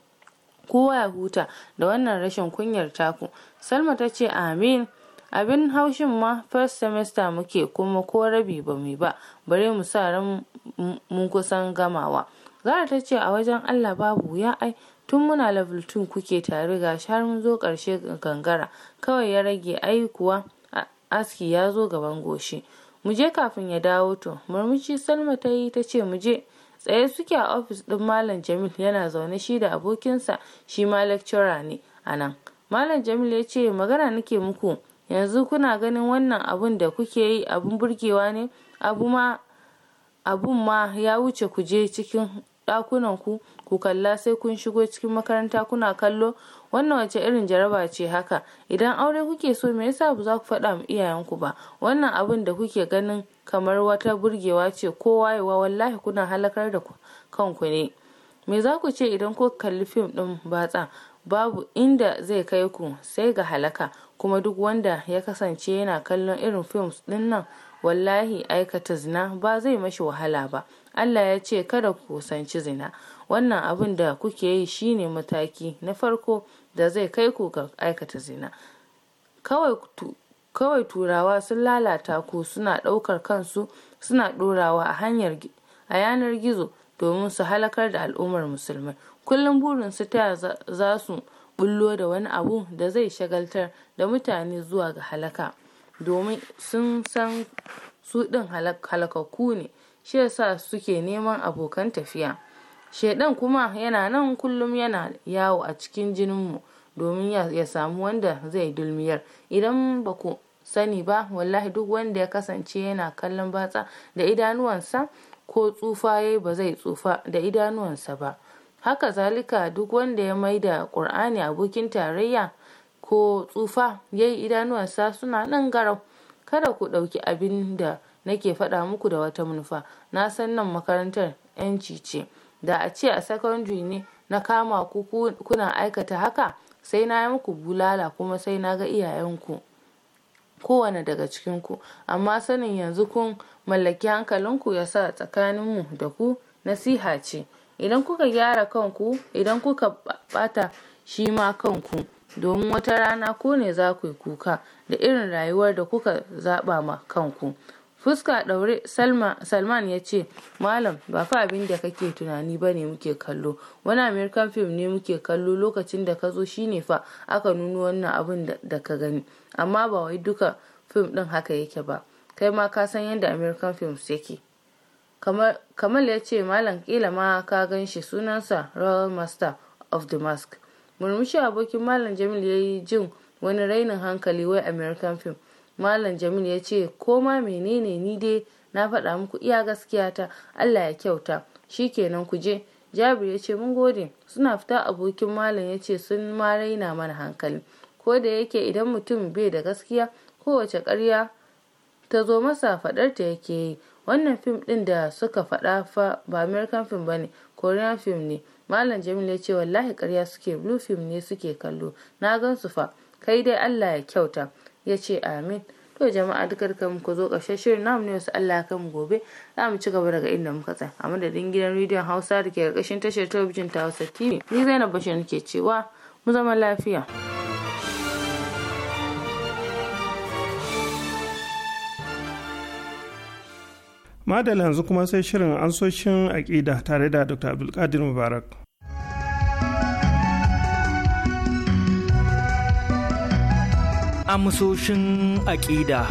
kowa ya huta da wannan rashin kunyar taku salma ta ce amin abin haushin ma first semester muke kuma ko rabi ba mu ba bare mu sa ran mun kusan gamawa zara ta ce a wajen allah babu ya ai tun muna level 2 kuke tare ga har mun zo karshe gangara kawai ya rage ai aski ya zo gaban goshi mu je kafin ya dawo to murmushi salma ta yi ta ce mu je tsaye suke a ofis ɗin malam jamil yana zaune shi da abokinsa shi ma lecturer ne a nan malam jamil ya ce magana nake muku yanzu kuna ganin wannan abun da kuke yi abun burgewa ne abu ma abun ma ya wuce ku je cikin ɗakunanku ku ku kalla sai kun shigo cikin makaranta kuna kallo wannan wace irin jaraba ce haka idan aure kuke so me yasa ba za ku faɗa ma iyayenku ba wannan abin da kuke ganin kamar wata burgewa ce ko wayewa wallahi kuna halakar da kanku ne me za ku ce idan ku kalli fim ɗin batsa babu inda zai kai ku sai ga halaka kuma duk wanda ya kasance yana kallon irin fim ɗin nan wallahi aikata zina ba zai mashi wahala ba Allah ya ce kada ku kusanci zina wannan abin da kuke yi shine mataki na farko da zai kai ku ga aikata zina kawai turawa sun lalata ku suna ɗaukar kansu suna ɗorawa a yanar gizo domin su halakar da al'ummar musulmai kullum burin su ta za su bullo da wani abu da zai shagaltar da mutane zuwa ga halaka domin sun san su ɗin halakakku ne shi yasa suke neman abokan tafiya shaidan kuma yana nan kullum yana yawo a cikin jininmu domin ya samu wanda zai dulmiyar idan ba ku sani ba wallahi duk wanda ya kasance yana kallon batsa da idanuwansa ko tsufa ya ba zai tsufa da idanuwansa ba haka zalika duk wanda ya maida ƙur'ani abokin tarayya ko tsufa ya yi idanuwansa suna nan garau kada ku ɗauki abin da nake faɗa muku da wata manufa na san nan makarantar 'yanci ce da a ce a secondary ne na kama ku kuna aikata haka sai na yi muku bulala kuma sai na ga iyayenku kowane daga cikinku amma sanin yanzu kun mallaki hankalinku ya sa tsakaninmu da ku nasiha ce idan kuka gyara kanku idan kuka bata shi ma kanku domin wata rana ko ne za ku yi kuka da irin rayuwar da kuka zaɓa ma kanku fuska ɗaure salman ya ce malam ba fa abin da kake tunani ba ne muke kallo wani american film ne muke kallo lokacin da ka zo shine fa aka nuno wannan abin da ka gani amma ba wai duka film ɗin haka yake ba kai ma ka san yadda american films yake kamal ya ce malam kila ma ka gan shi sunansa royal master of the mask murmushi abokin malam jamil ya yi jin wani rainin hankali wai american film Malam Jamil ya ce koma menene ni dai na faɗa muku iya gaskiya ta Allah ya kyauta shikenan ku je Jabir ya ce mun gode suna fita abokin malam ya ce sun ma raina mana hankali ko da yake idan mutum bai da gaskiya kowace karya ta zo masa faɗar ta yake yi wannan fim ɗin da suka faɗa fa ba american fim ba ne korean fim ne malam jamil ya ce wallahi ƙarya suke blue fim ne suke kallo na gan su fa kai dai allah ya kyauta ya ce amin to jama'a dukkan kam ku zo ƙarshe shirin namu ne wasu Allah kan gobe za mu ci gaba daga inda muka tsaya a madadin gidan rediyon Hausa da ke ƙarƙashin tashar talabijin ta Hausa TV ni Zainab Bashir nake cewa mu zama lafiya.
Madalla yanzu kuma sai shirin ansoshin aƙida tare da Dr. Abdulkadir Mubarak.
amsoshin aƙida.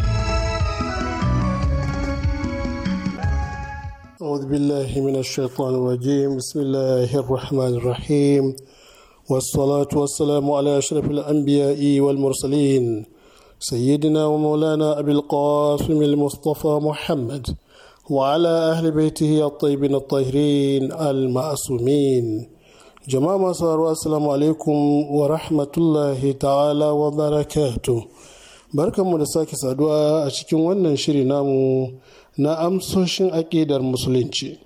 أعوذ بالله من الشيطان الرجيم بسم الله الرحمن الرحيم والصلاة والسلام على أشرف الأنبياء والمرسلين سيدنا ومولانا أبي القاسم المصطفى محمد وعلى أهل بيته الطيبين الطاهرين المعصومين جماعة masu السلام عليكم alaikum wa تعالى ta'ala wa barakatu barkanmu da sake saduwa a cikin wannan shiri namu na amsoshin aƙidar musulunci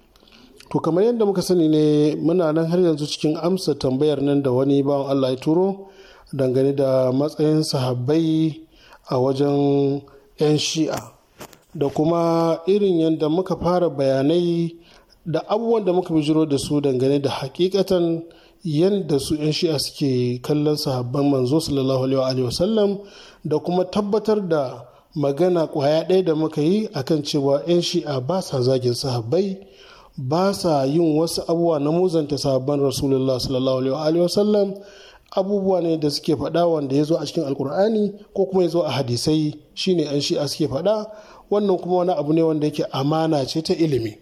to kamar yadda muka sani ne muna nan har yanzu cikin amsa tambayar nan da wani bawan allah ya turo dangane da matsayin sahabbai a wajen 'yan shi'a da kuma irin yadda muka fara bayanai da abubuwan da muka bijiro da su dangane da hakikatan yadda su 'yan shi'a suke kallon sahabban manzo sallallahu alaihi wa sallam. da kuma tabbatar da magana kwaya ɗaya da muka yi akan cewa 'yan shi'a ba sa zagin sahabbai ba sa yin wasu abubuwa na muzanta sahabban rasulullah sallallahu alaihi wasallam abubuwa ne da suke faɗa wanda ya zo a cikin alkur'ani ko kuma ya zo a hadisai shine 'yan shi'a suke faɗa wannan kuma wani abu ne wanda yake amana ce ta ilimi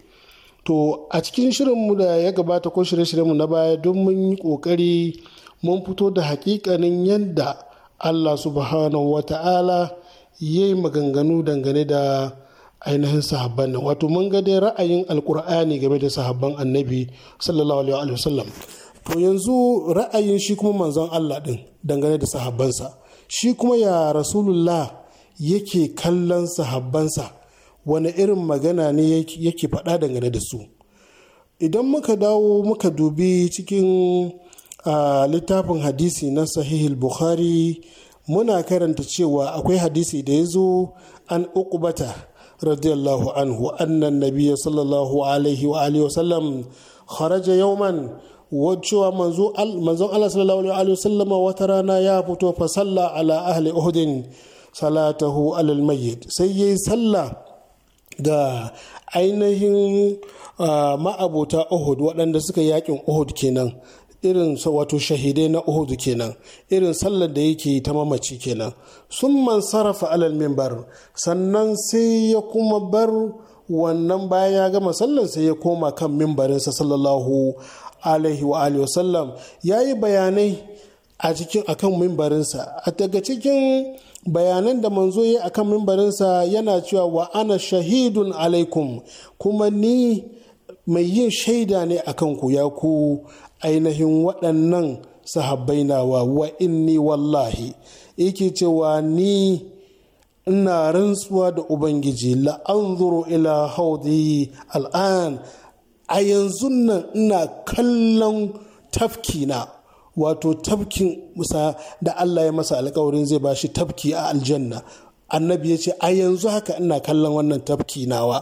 to a cikin shirinmu da ya gabata ko shirye-shiryenmu na baya don mun yi ƙoƙari mun fito da hakikanin yadda allah subhanahu wa ta'ala ya yi maganganu dangane da ainihin sahabban nan wato mun ga dai ra'ayin alkur'ani game da sahabban annabi sallallahu alaihi wa sallam to yanzu ra'ayin shi kuma manzon allah din dangane da sahabbansa shi kuma ya rasulullah yake kallon sahabbansa wani irin magana ne yake faɗa dangane da su idan muka dawo muka dubi cikin a littafin hadisi na sahihul bukhari muna karanta cewa akwai hadisi da ya zo an uqbata radiyallahu anhu annan nabiya sallallahu alaihi wa alihi wa sallam kharaja yawman wacewa manzon Allah sallallahu alaihi wa sallama wata rana ya fito fa salla ala ahli uhudin salatahu alal mayyit sai yayi sallah da ainihin ma'abota uhud waɗanda suka yakin uhud kenan irin wato shahidai na uhudu kenan irin sallar da yake ta mamaci kenan sun man sarrafa alal mimbar sannan sai ya kuma bar wannan bayan ya gama sallar sai ya koma kan mimbarinsa sallallahu alaihi wa alihi wasallam ya yi bayanai a cikin akan mimbarinsa a daga cikin bayanan da manzo ya akan mimbarinsa yana cewa wa ana shahidun alaikum kuma ni mai yin shaida ne akan ku ya ku ainihin waɗannan sahabbai nawa wa inni wallahi yake cewa ni ina rantsuwa da ubangiji la'anzuru ila haudi al'an a yanzu nan ina kallon tafkina wato tafkin musa da allah ya masa alkawarin zai bashi tafki a aljanna annabi ya ce a yanzu haka ina kallon wannan tafki nawa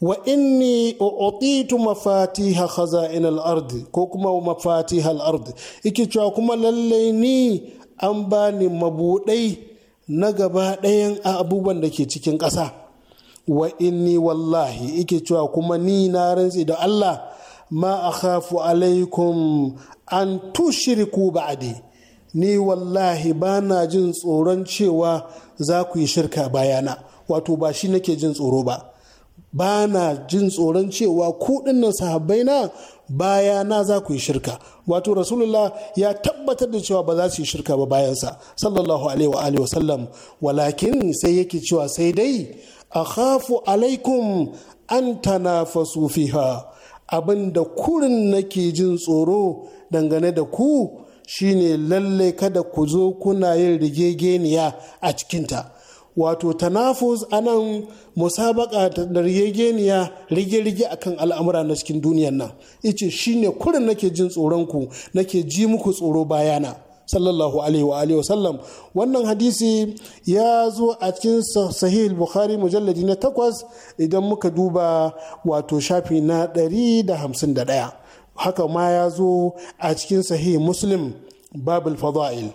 wa inni u'titu mafatiha khaza'in al-ard ko kuma mafatiha al-ard yake cewa kuma lallai ni an bani mabudai na gaba ɗayan abubuwan da ke cikin ƙasa wa inni wallahi yake cewa kuma ni na rantsi da Allah ma akhafu alaikum an tushriku ba'di ni wallahi ba na jin tsoron cewa za ku yi shirka bayana wato ba shi nake jin tsoro ba ba na jin tsoron cewa kuɗin sahabbai na baya na za ku yi shirka wato rasulullah ya tabbatar da cewa ba za su yi shirka ba bayansa sallallahu alaihi wa sallam. walakin sai yake cewa sai dai a khafu alaikum an tanafasu fiha abin da kurin nake jin tsoro dangane da ku shine lalle kada ku zo kuna yin rigegeniya a cikinta wato tanafus anan musabaka da rigegeniya rige-rige akan al'amura na cikin duniyan nan ice shine kurin nake jin tsoron ku nake ji muku tsoro bayana sallallahu alaihi wa alihi wasallam wannan hadisi ya zo a cikin sahih bukhari mujalladi na takwas idan muka duba wato shafi na da 151 haka ma ya zo a cikin sahih muslim babul fada'il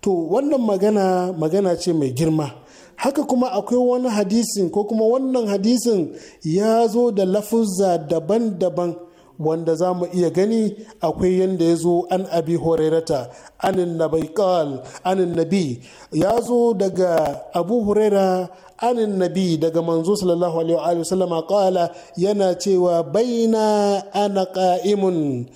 to wannan magana magana ce mai girma haka kuma akwai wani hadisin ko kuma wannan hadisin ya zo da lafuzza daban-daban wanda za mu iya gani akwai yadda ya zo an abi horerata anin nabaikal anin nabi ya zo daga abu horera anin nabi daga manzo sallallahu alaihi wa sallama kala yana cewa baina ana ka'imun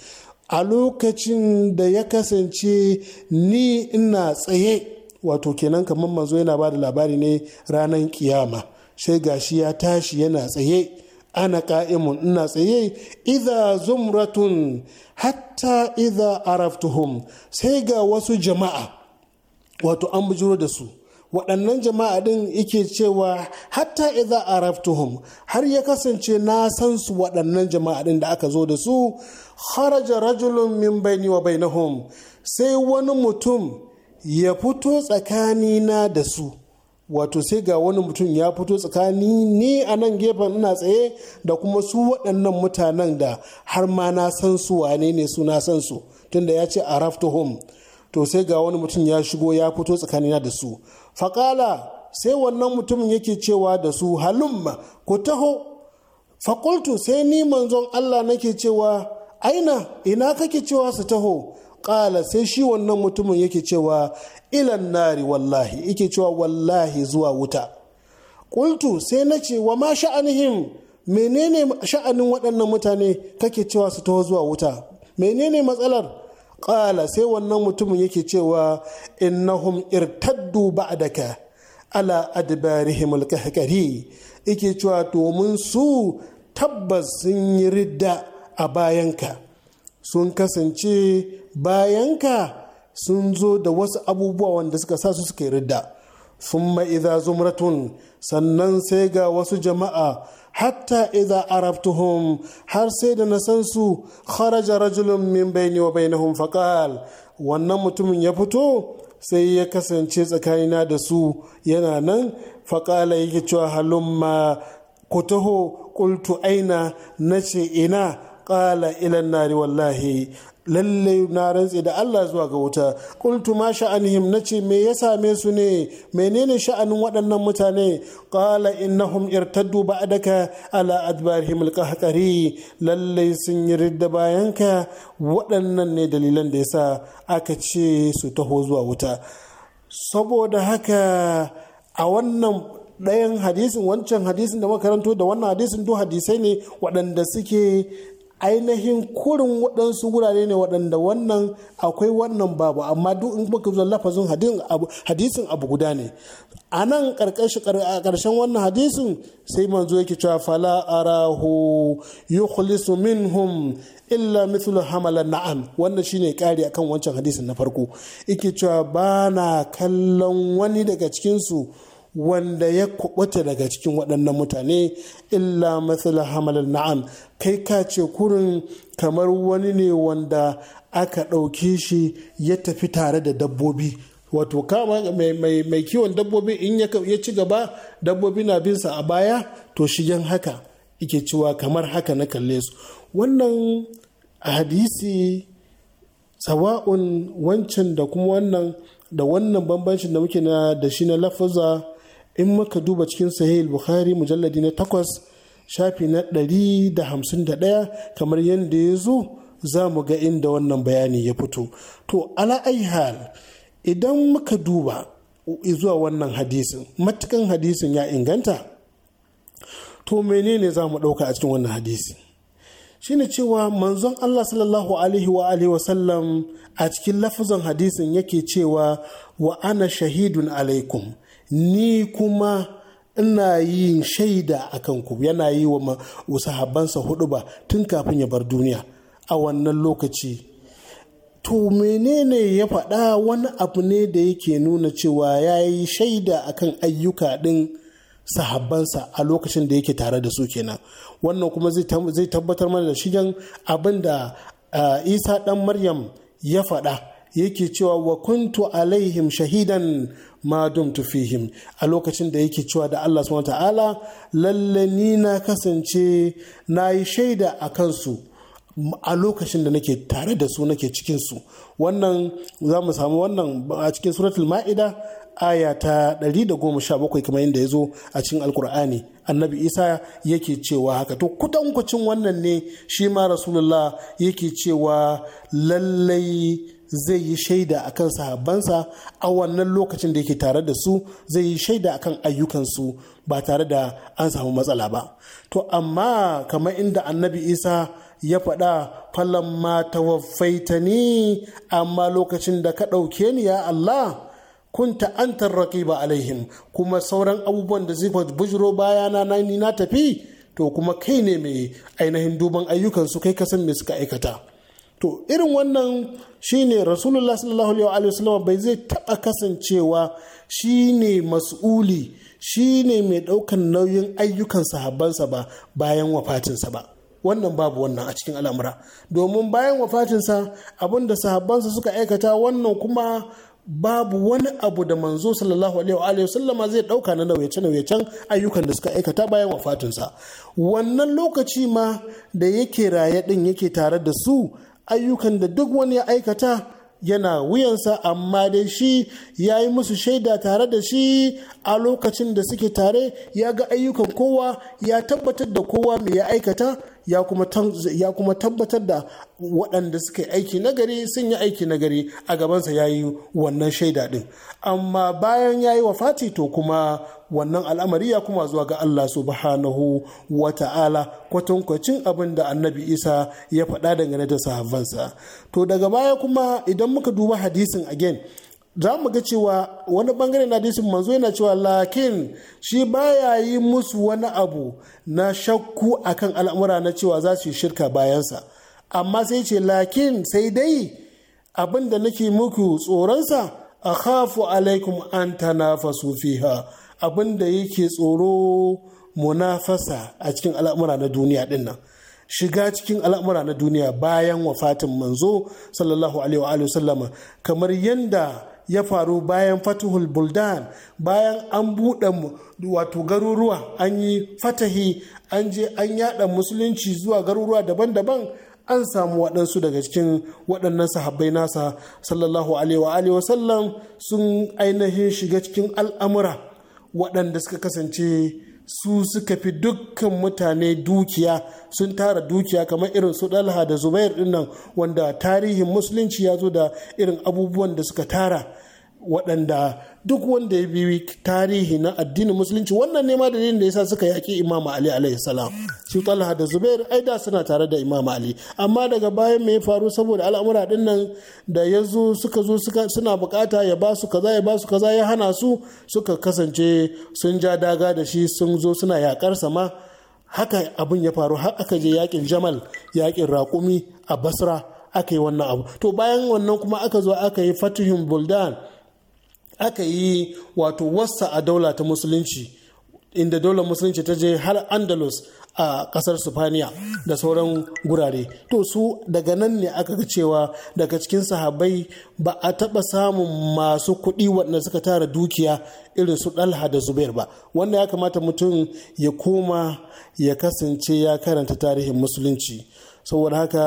a lokacin da ya kasance ni ina tsaye wato kenan kamar manzo yana ba da labari ne ranar kiyama sai gashi ya tashi yana tsaye ana ka'imun ina tsaye Iza zumratun hatta iza araftuhum sai ga wasu jama'a wato an bujuro da su waɗannan jama'a ɗin yake cewa hatta iza araftuhum har ya kasance na san su waɗannan jama'a ɗin da aka zo da su kharaja rajulun min baini wa bainahum sai wani mutum ya fito tsakanina da su wato sai ga wani mutum ya fito tsakani ni a nan gefen ina tsaye da kuma su waɗannan mutanen da har ma na san su wane ne su na san su tunda ya ce a rafta home to sai ga wani mutum ya shigo ya fito tsakanina da su faƙala sai wannan mutumin yake cewa da su halumma ku taho fakultu sai ni manzon allah nake cewa aina ina kake cewa su taho ƙala sai shi wannan mutumin yake cewa ilan nari wallahi yake cewa wallahi zuwa wuta Kultu sai na ce wa ma sha'anihim menene sha'anin waɗannan mutane kake cewa su ta zuwa wuta menene matsalar ƙala sai wannan mutumin yake cewa innahum irtaddu ba'daka ala adbarihim alkahkari yake cewa domin su tabbas sun yi ridda a bayanka sun kasance bayanka sun zo da wasu abubuwa wanda suka sa su suka yi ridda summa idza zumratun sannan sai ga wasu jama'a hatta idza araftuhum har sai da na san su kharaja rajulun min baini wa bainahum faqal wannan mutumin ya fito sai ya kasance tsakanina da su yana nan faƙala yake cewa halumma ku taho ƙultu aina nace ina ƙala ilan nari wallahi lallai na rantse da Allah zuwa ga wuta qultu ma sha'anihim nace me ya same su ne menene sha'anin waɗannan mutane qala innahum irtaddu ba'daka ala adbarihim alqahqari lallai sun yi ridda bayanka waɗannan ne dalilan da yasa aka ce su taho zuwa wuta saboda haka a wannan ɗayan hadisin wancan hadisin da makaranto da wannan hadisin duk hadisai ne waɗanda suke ainihin kurin waɗansu wurare ne waɗanda wannan akwai wannan babu amma duk in muka zo lafazin hadisin abu guda ne a nan ƙarshen wannan hadisin sai manzo yake cewa fala arahu yukhlisu minhum illa mithlu hamalan na'am wannan shine kari akan wancan hadisin na farko yake cewa bana kallon wani daga cikinsu wanda ya kubuta daga cikin waɗannan mutane illa matsala hamalar na'am kai ka ce kurin kamar wani ne wanda aka ɗauke shi ya tafi tare da dabbobi wato kama mai, kiwon dabbobi in ya, ci gaba dabbobi na binsa a baya to shigen haka ike cewa kamar haka na kalle su wannan hadisi sawa'un wancan da kuma wannan da wannan bambancin da muke na da shi na lafaza in muka duba cikin sahih bukhari mujalladi na takwas shafi na ɗari da hamsin da ɗaya kamar yadda ya zo za mu ga inda wannan bayani ya fito to ala hal idan muka duba zuwa wannan hadisin matukan hadisin ya inganta to menene za mu ɗauka a cikin wannan hadisi shine cewa manzon Allah sallallahu alaihi wa alihi wasallam a cikin lafazan hadisin yake cewa wa ana shahidun alaikum ni kuma ina yin shaida a kanku yana yi wa sahabbansa hudu ba tun kafin ya bar duniya a wannan lokaci to menene ya faɗa wani abu ne da yake nuna cewa ya yi shaida akan ayyuka ɗin sahabbansa a lokacin da yake tare da su kenan wannan kuma zai tabbatar mana da shigan abin da isa ɗan maryam ya faɗa yake cewa wa kuntu alaihim shahidan ma dumtu fihim a lokacin da yake cewa da Allah subhanahu ta'ala lalle ni na kasance na yi shaida a kansu a lokacin da nake tare da su nake cikinsu. su wannan za mu samu wannan a cikin suratul ma'ida aya ta 117 kamar yadda ya zo a cikin alkur'ani annabi isa yake cewa haka to kudankucin wannan ne shi ma rasulullah yake cewa lallai zai yi shaida a kan sahabbansa a wannan lokacin da yake tare da su zai yi shaida a kan ayyukansu ba tare da an samu matsala ba to amma kamar inda annabi isa ya faɗa falon ma tawaffaita ni amma lokacin da ka ɗauke ni ya allah Kun antar raqiba alaihim kuma sauran abubuwan da zai bujiro bayana na ni na tafi to kuma kai ne mai ainihin duban ayyukansu kai kasan me suka aikata to irin wannan shine rasulullah sallallahu alaihi wa sallam bai zai taba kasancewa shine mas'uli shine mai daukan nauyin ayyukan sahabbansa ba bayan wafatinsa ba wannan babu wannan a cikin al'amura domin bayan wafatinsa abinda sahabbansa suka aikata wannan kuma babu wani abu da manzo sallallahu alaihi wa sallam zai dauka na nauyace-nauyacen ayyukan da suka aikata bayan wafatinsa wannan lokaci ma da yake raye din yake tare da su ayyukan da duk wani ya aikata yana wuyansa amma dai shi ya yi musu shaida tare da shi a lokacin da suke tare ya ga ayyukan kowa ya tabbatar da kowa mai ya aikata ya kuma tabbatar da waɗanda suka yi aiki nagari sun yi aiki nagari a gabansa ya yi wannan shaida ɗin amma bayan ya yi Fati to kuma wannan al'amari ya kuma zuwa ga Allah subhanahu wa ta'ala kwatankwacin abin da annabi isa ya faɗa dangane da sahabbansa to daga baya kuma idan muka duba hadisin again za mu ga cewa wani bangare na hadisin manzo yana cewa lakin shi baya yi musu wani abu na shakku akan al'amura na cewa za su yi shirka bayansa amma sai ce lakin sai dai abin da nake muku tsoronsa a khafu. alaikum an tanafasu fiha abin da yake tsoro munafasa a cikin al'amura na duniya din shiga cikin al'amura na duniya bayan wafatin manzo sallallahu alaihi wa sallama kamar yadda ya faru bayan fatuhul buldan bayan an buɗe wato garuruwa an yi fatahi an je an yada musulunci zuwa garuruwa daban-daban an samu waɗansu daga cikin waɗannan sahabbai nasa sallallahu alaihi wa sallam sun ainihin shiga cikin al'amura waɗanda suka kasance su suka fi dukkan mutane dukiya sun tara dukiya kamar irin su dalha da zubair dinnan wanda tarihin musulunci ya zo da irin abubuwan da suka tara waɗanda duk wanda ya biyu tarihi na addinin musulunci wannan nema ma dalilin da yasa suka yaƙi imama ali alaihi salam shi talha da zubair ai da suna tare da imama ali amma daga bayan me ya faru saboda al'amura din nan da ya zo suka zo suna bukata ya ba su kaza ya ba su kaza ya hana su suka kasance sun ja daga da shi sun zo suna yaƙar sama haka abin ya faru har aka je yaƙin jamal yaƙin raƙumi a basra aka yi wannan abu to bayan wannan kuma aka zo aka yi fatihun buldan aka yi wato wasa a daula ta musulunci inda daular musulunci ta je har andalus a kasar sufaniya da sauran gurare to su daga nan ne aka ga cewa daga cikin sahabai ba a taɓa samun masu kuɗi waɗanda suka tara dukiya irin su ɗalha da zubair ba wanda ya kamata mutum ya koma ya kasance ya karanta tarihin musulunci saboda haka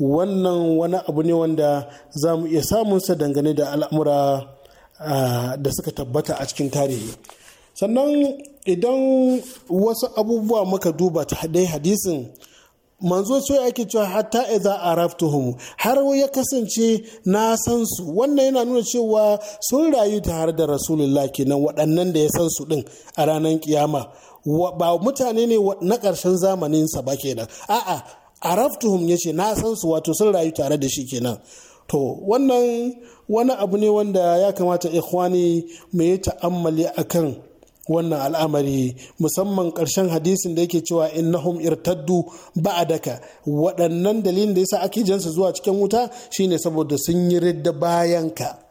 wannan wani abu ne wanda za mu iya samunsa dangane da al'amura da suka tabbata a cikin tarihi sannan idan wasu abubuwa muka duba ta dai hadisin manzo so ake cewa hatta idza araftuhum har ya kasance na san su wannan yana nuna cewa sun rayu tare da rasulullah kenan waɗannan da ya san su din a ranar kiyama ba mutane ne na ƙarshen zamanin sa ba kenan a'a araftuhum ce na san su wato sun rayu tare da shi kenan to wannan wani abu ne wanda ya kamata ikhwani mu yi ta'ammali kan wannan al'amari musamman ƙarshen hadisin da yake cewa in na innahum irtaddu ba'adaka waɗannan dalilin da yasa ake jansa zuwa cikin wuta shine saboda sun yi ridda bayan ka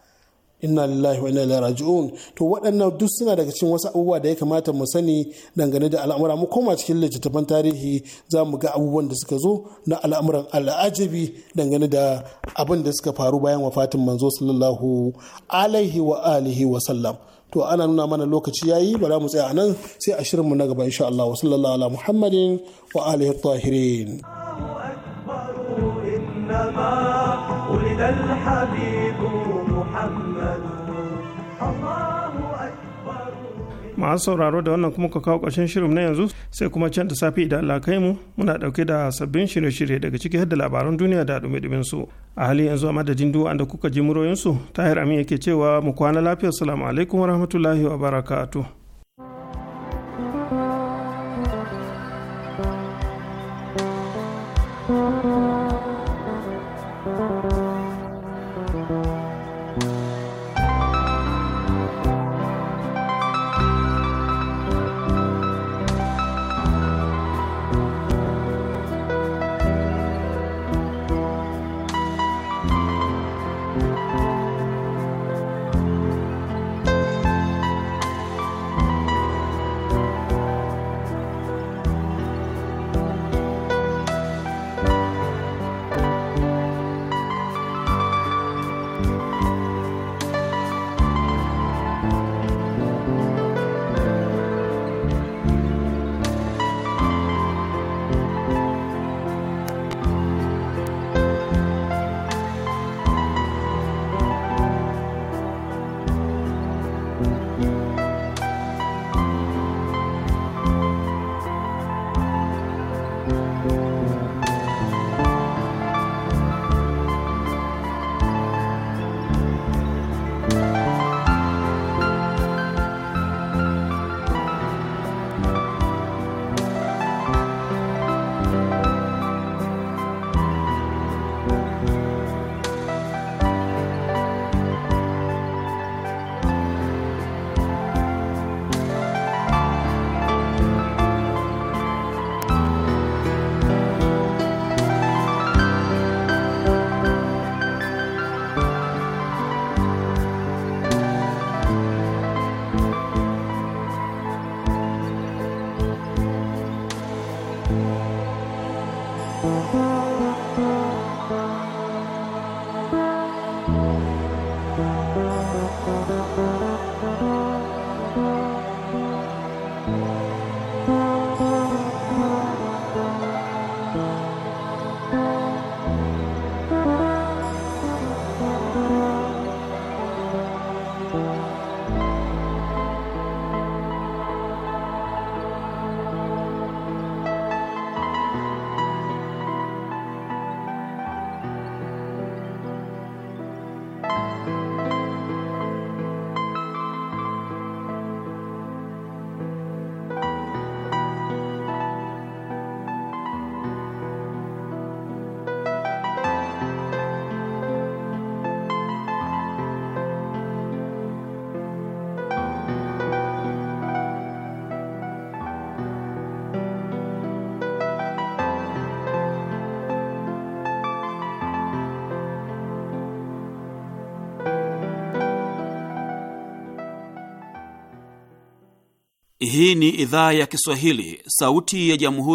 inna lillahi wa inna ilaihi raji'un to waɗannan duk suna daga cikin wasu abubuwa da ya kamata mu sani dangane da al'amura mu koma cikin littattafan tarihi za mu ga abubuwan da suka zo na al'amuran al'ajabi dangane da abin da suka faru bayan wafatin manzo sallallahu alaihi wa alihi wa sallam to ana nuna mana lokaci yayi ba za mu tsaya nan sai a shirinmu na gaba insha Allah wa sallallahu ala muhammadin wa alihi tahirin
masu sauraro da wannan kuma ka kawo ƙarshen shirin na yanzu sai kuma can da safi idan Allah kai mu muna ɗauke da sabbin shirye-shirye daga ciki da labaran duniya da dumin su a halin yanzu a madadin duwa da kuka ji su tahir amin yake cewa mu kwana lafiya salamu alaikum wa barakatu.
Hii ni idhaa ya Kiswahili, sauti ya jamhuri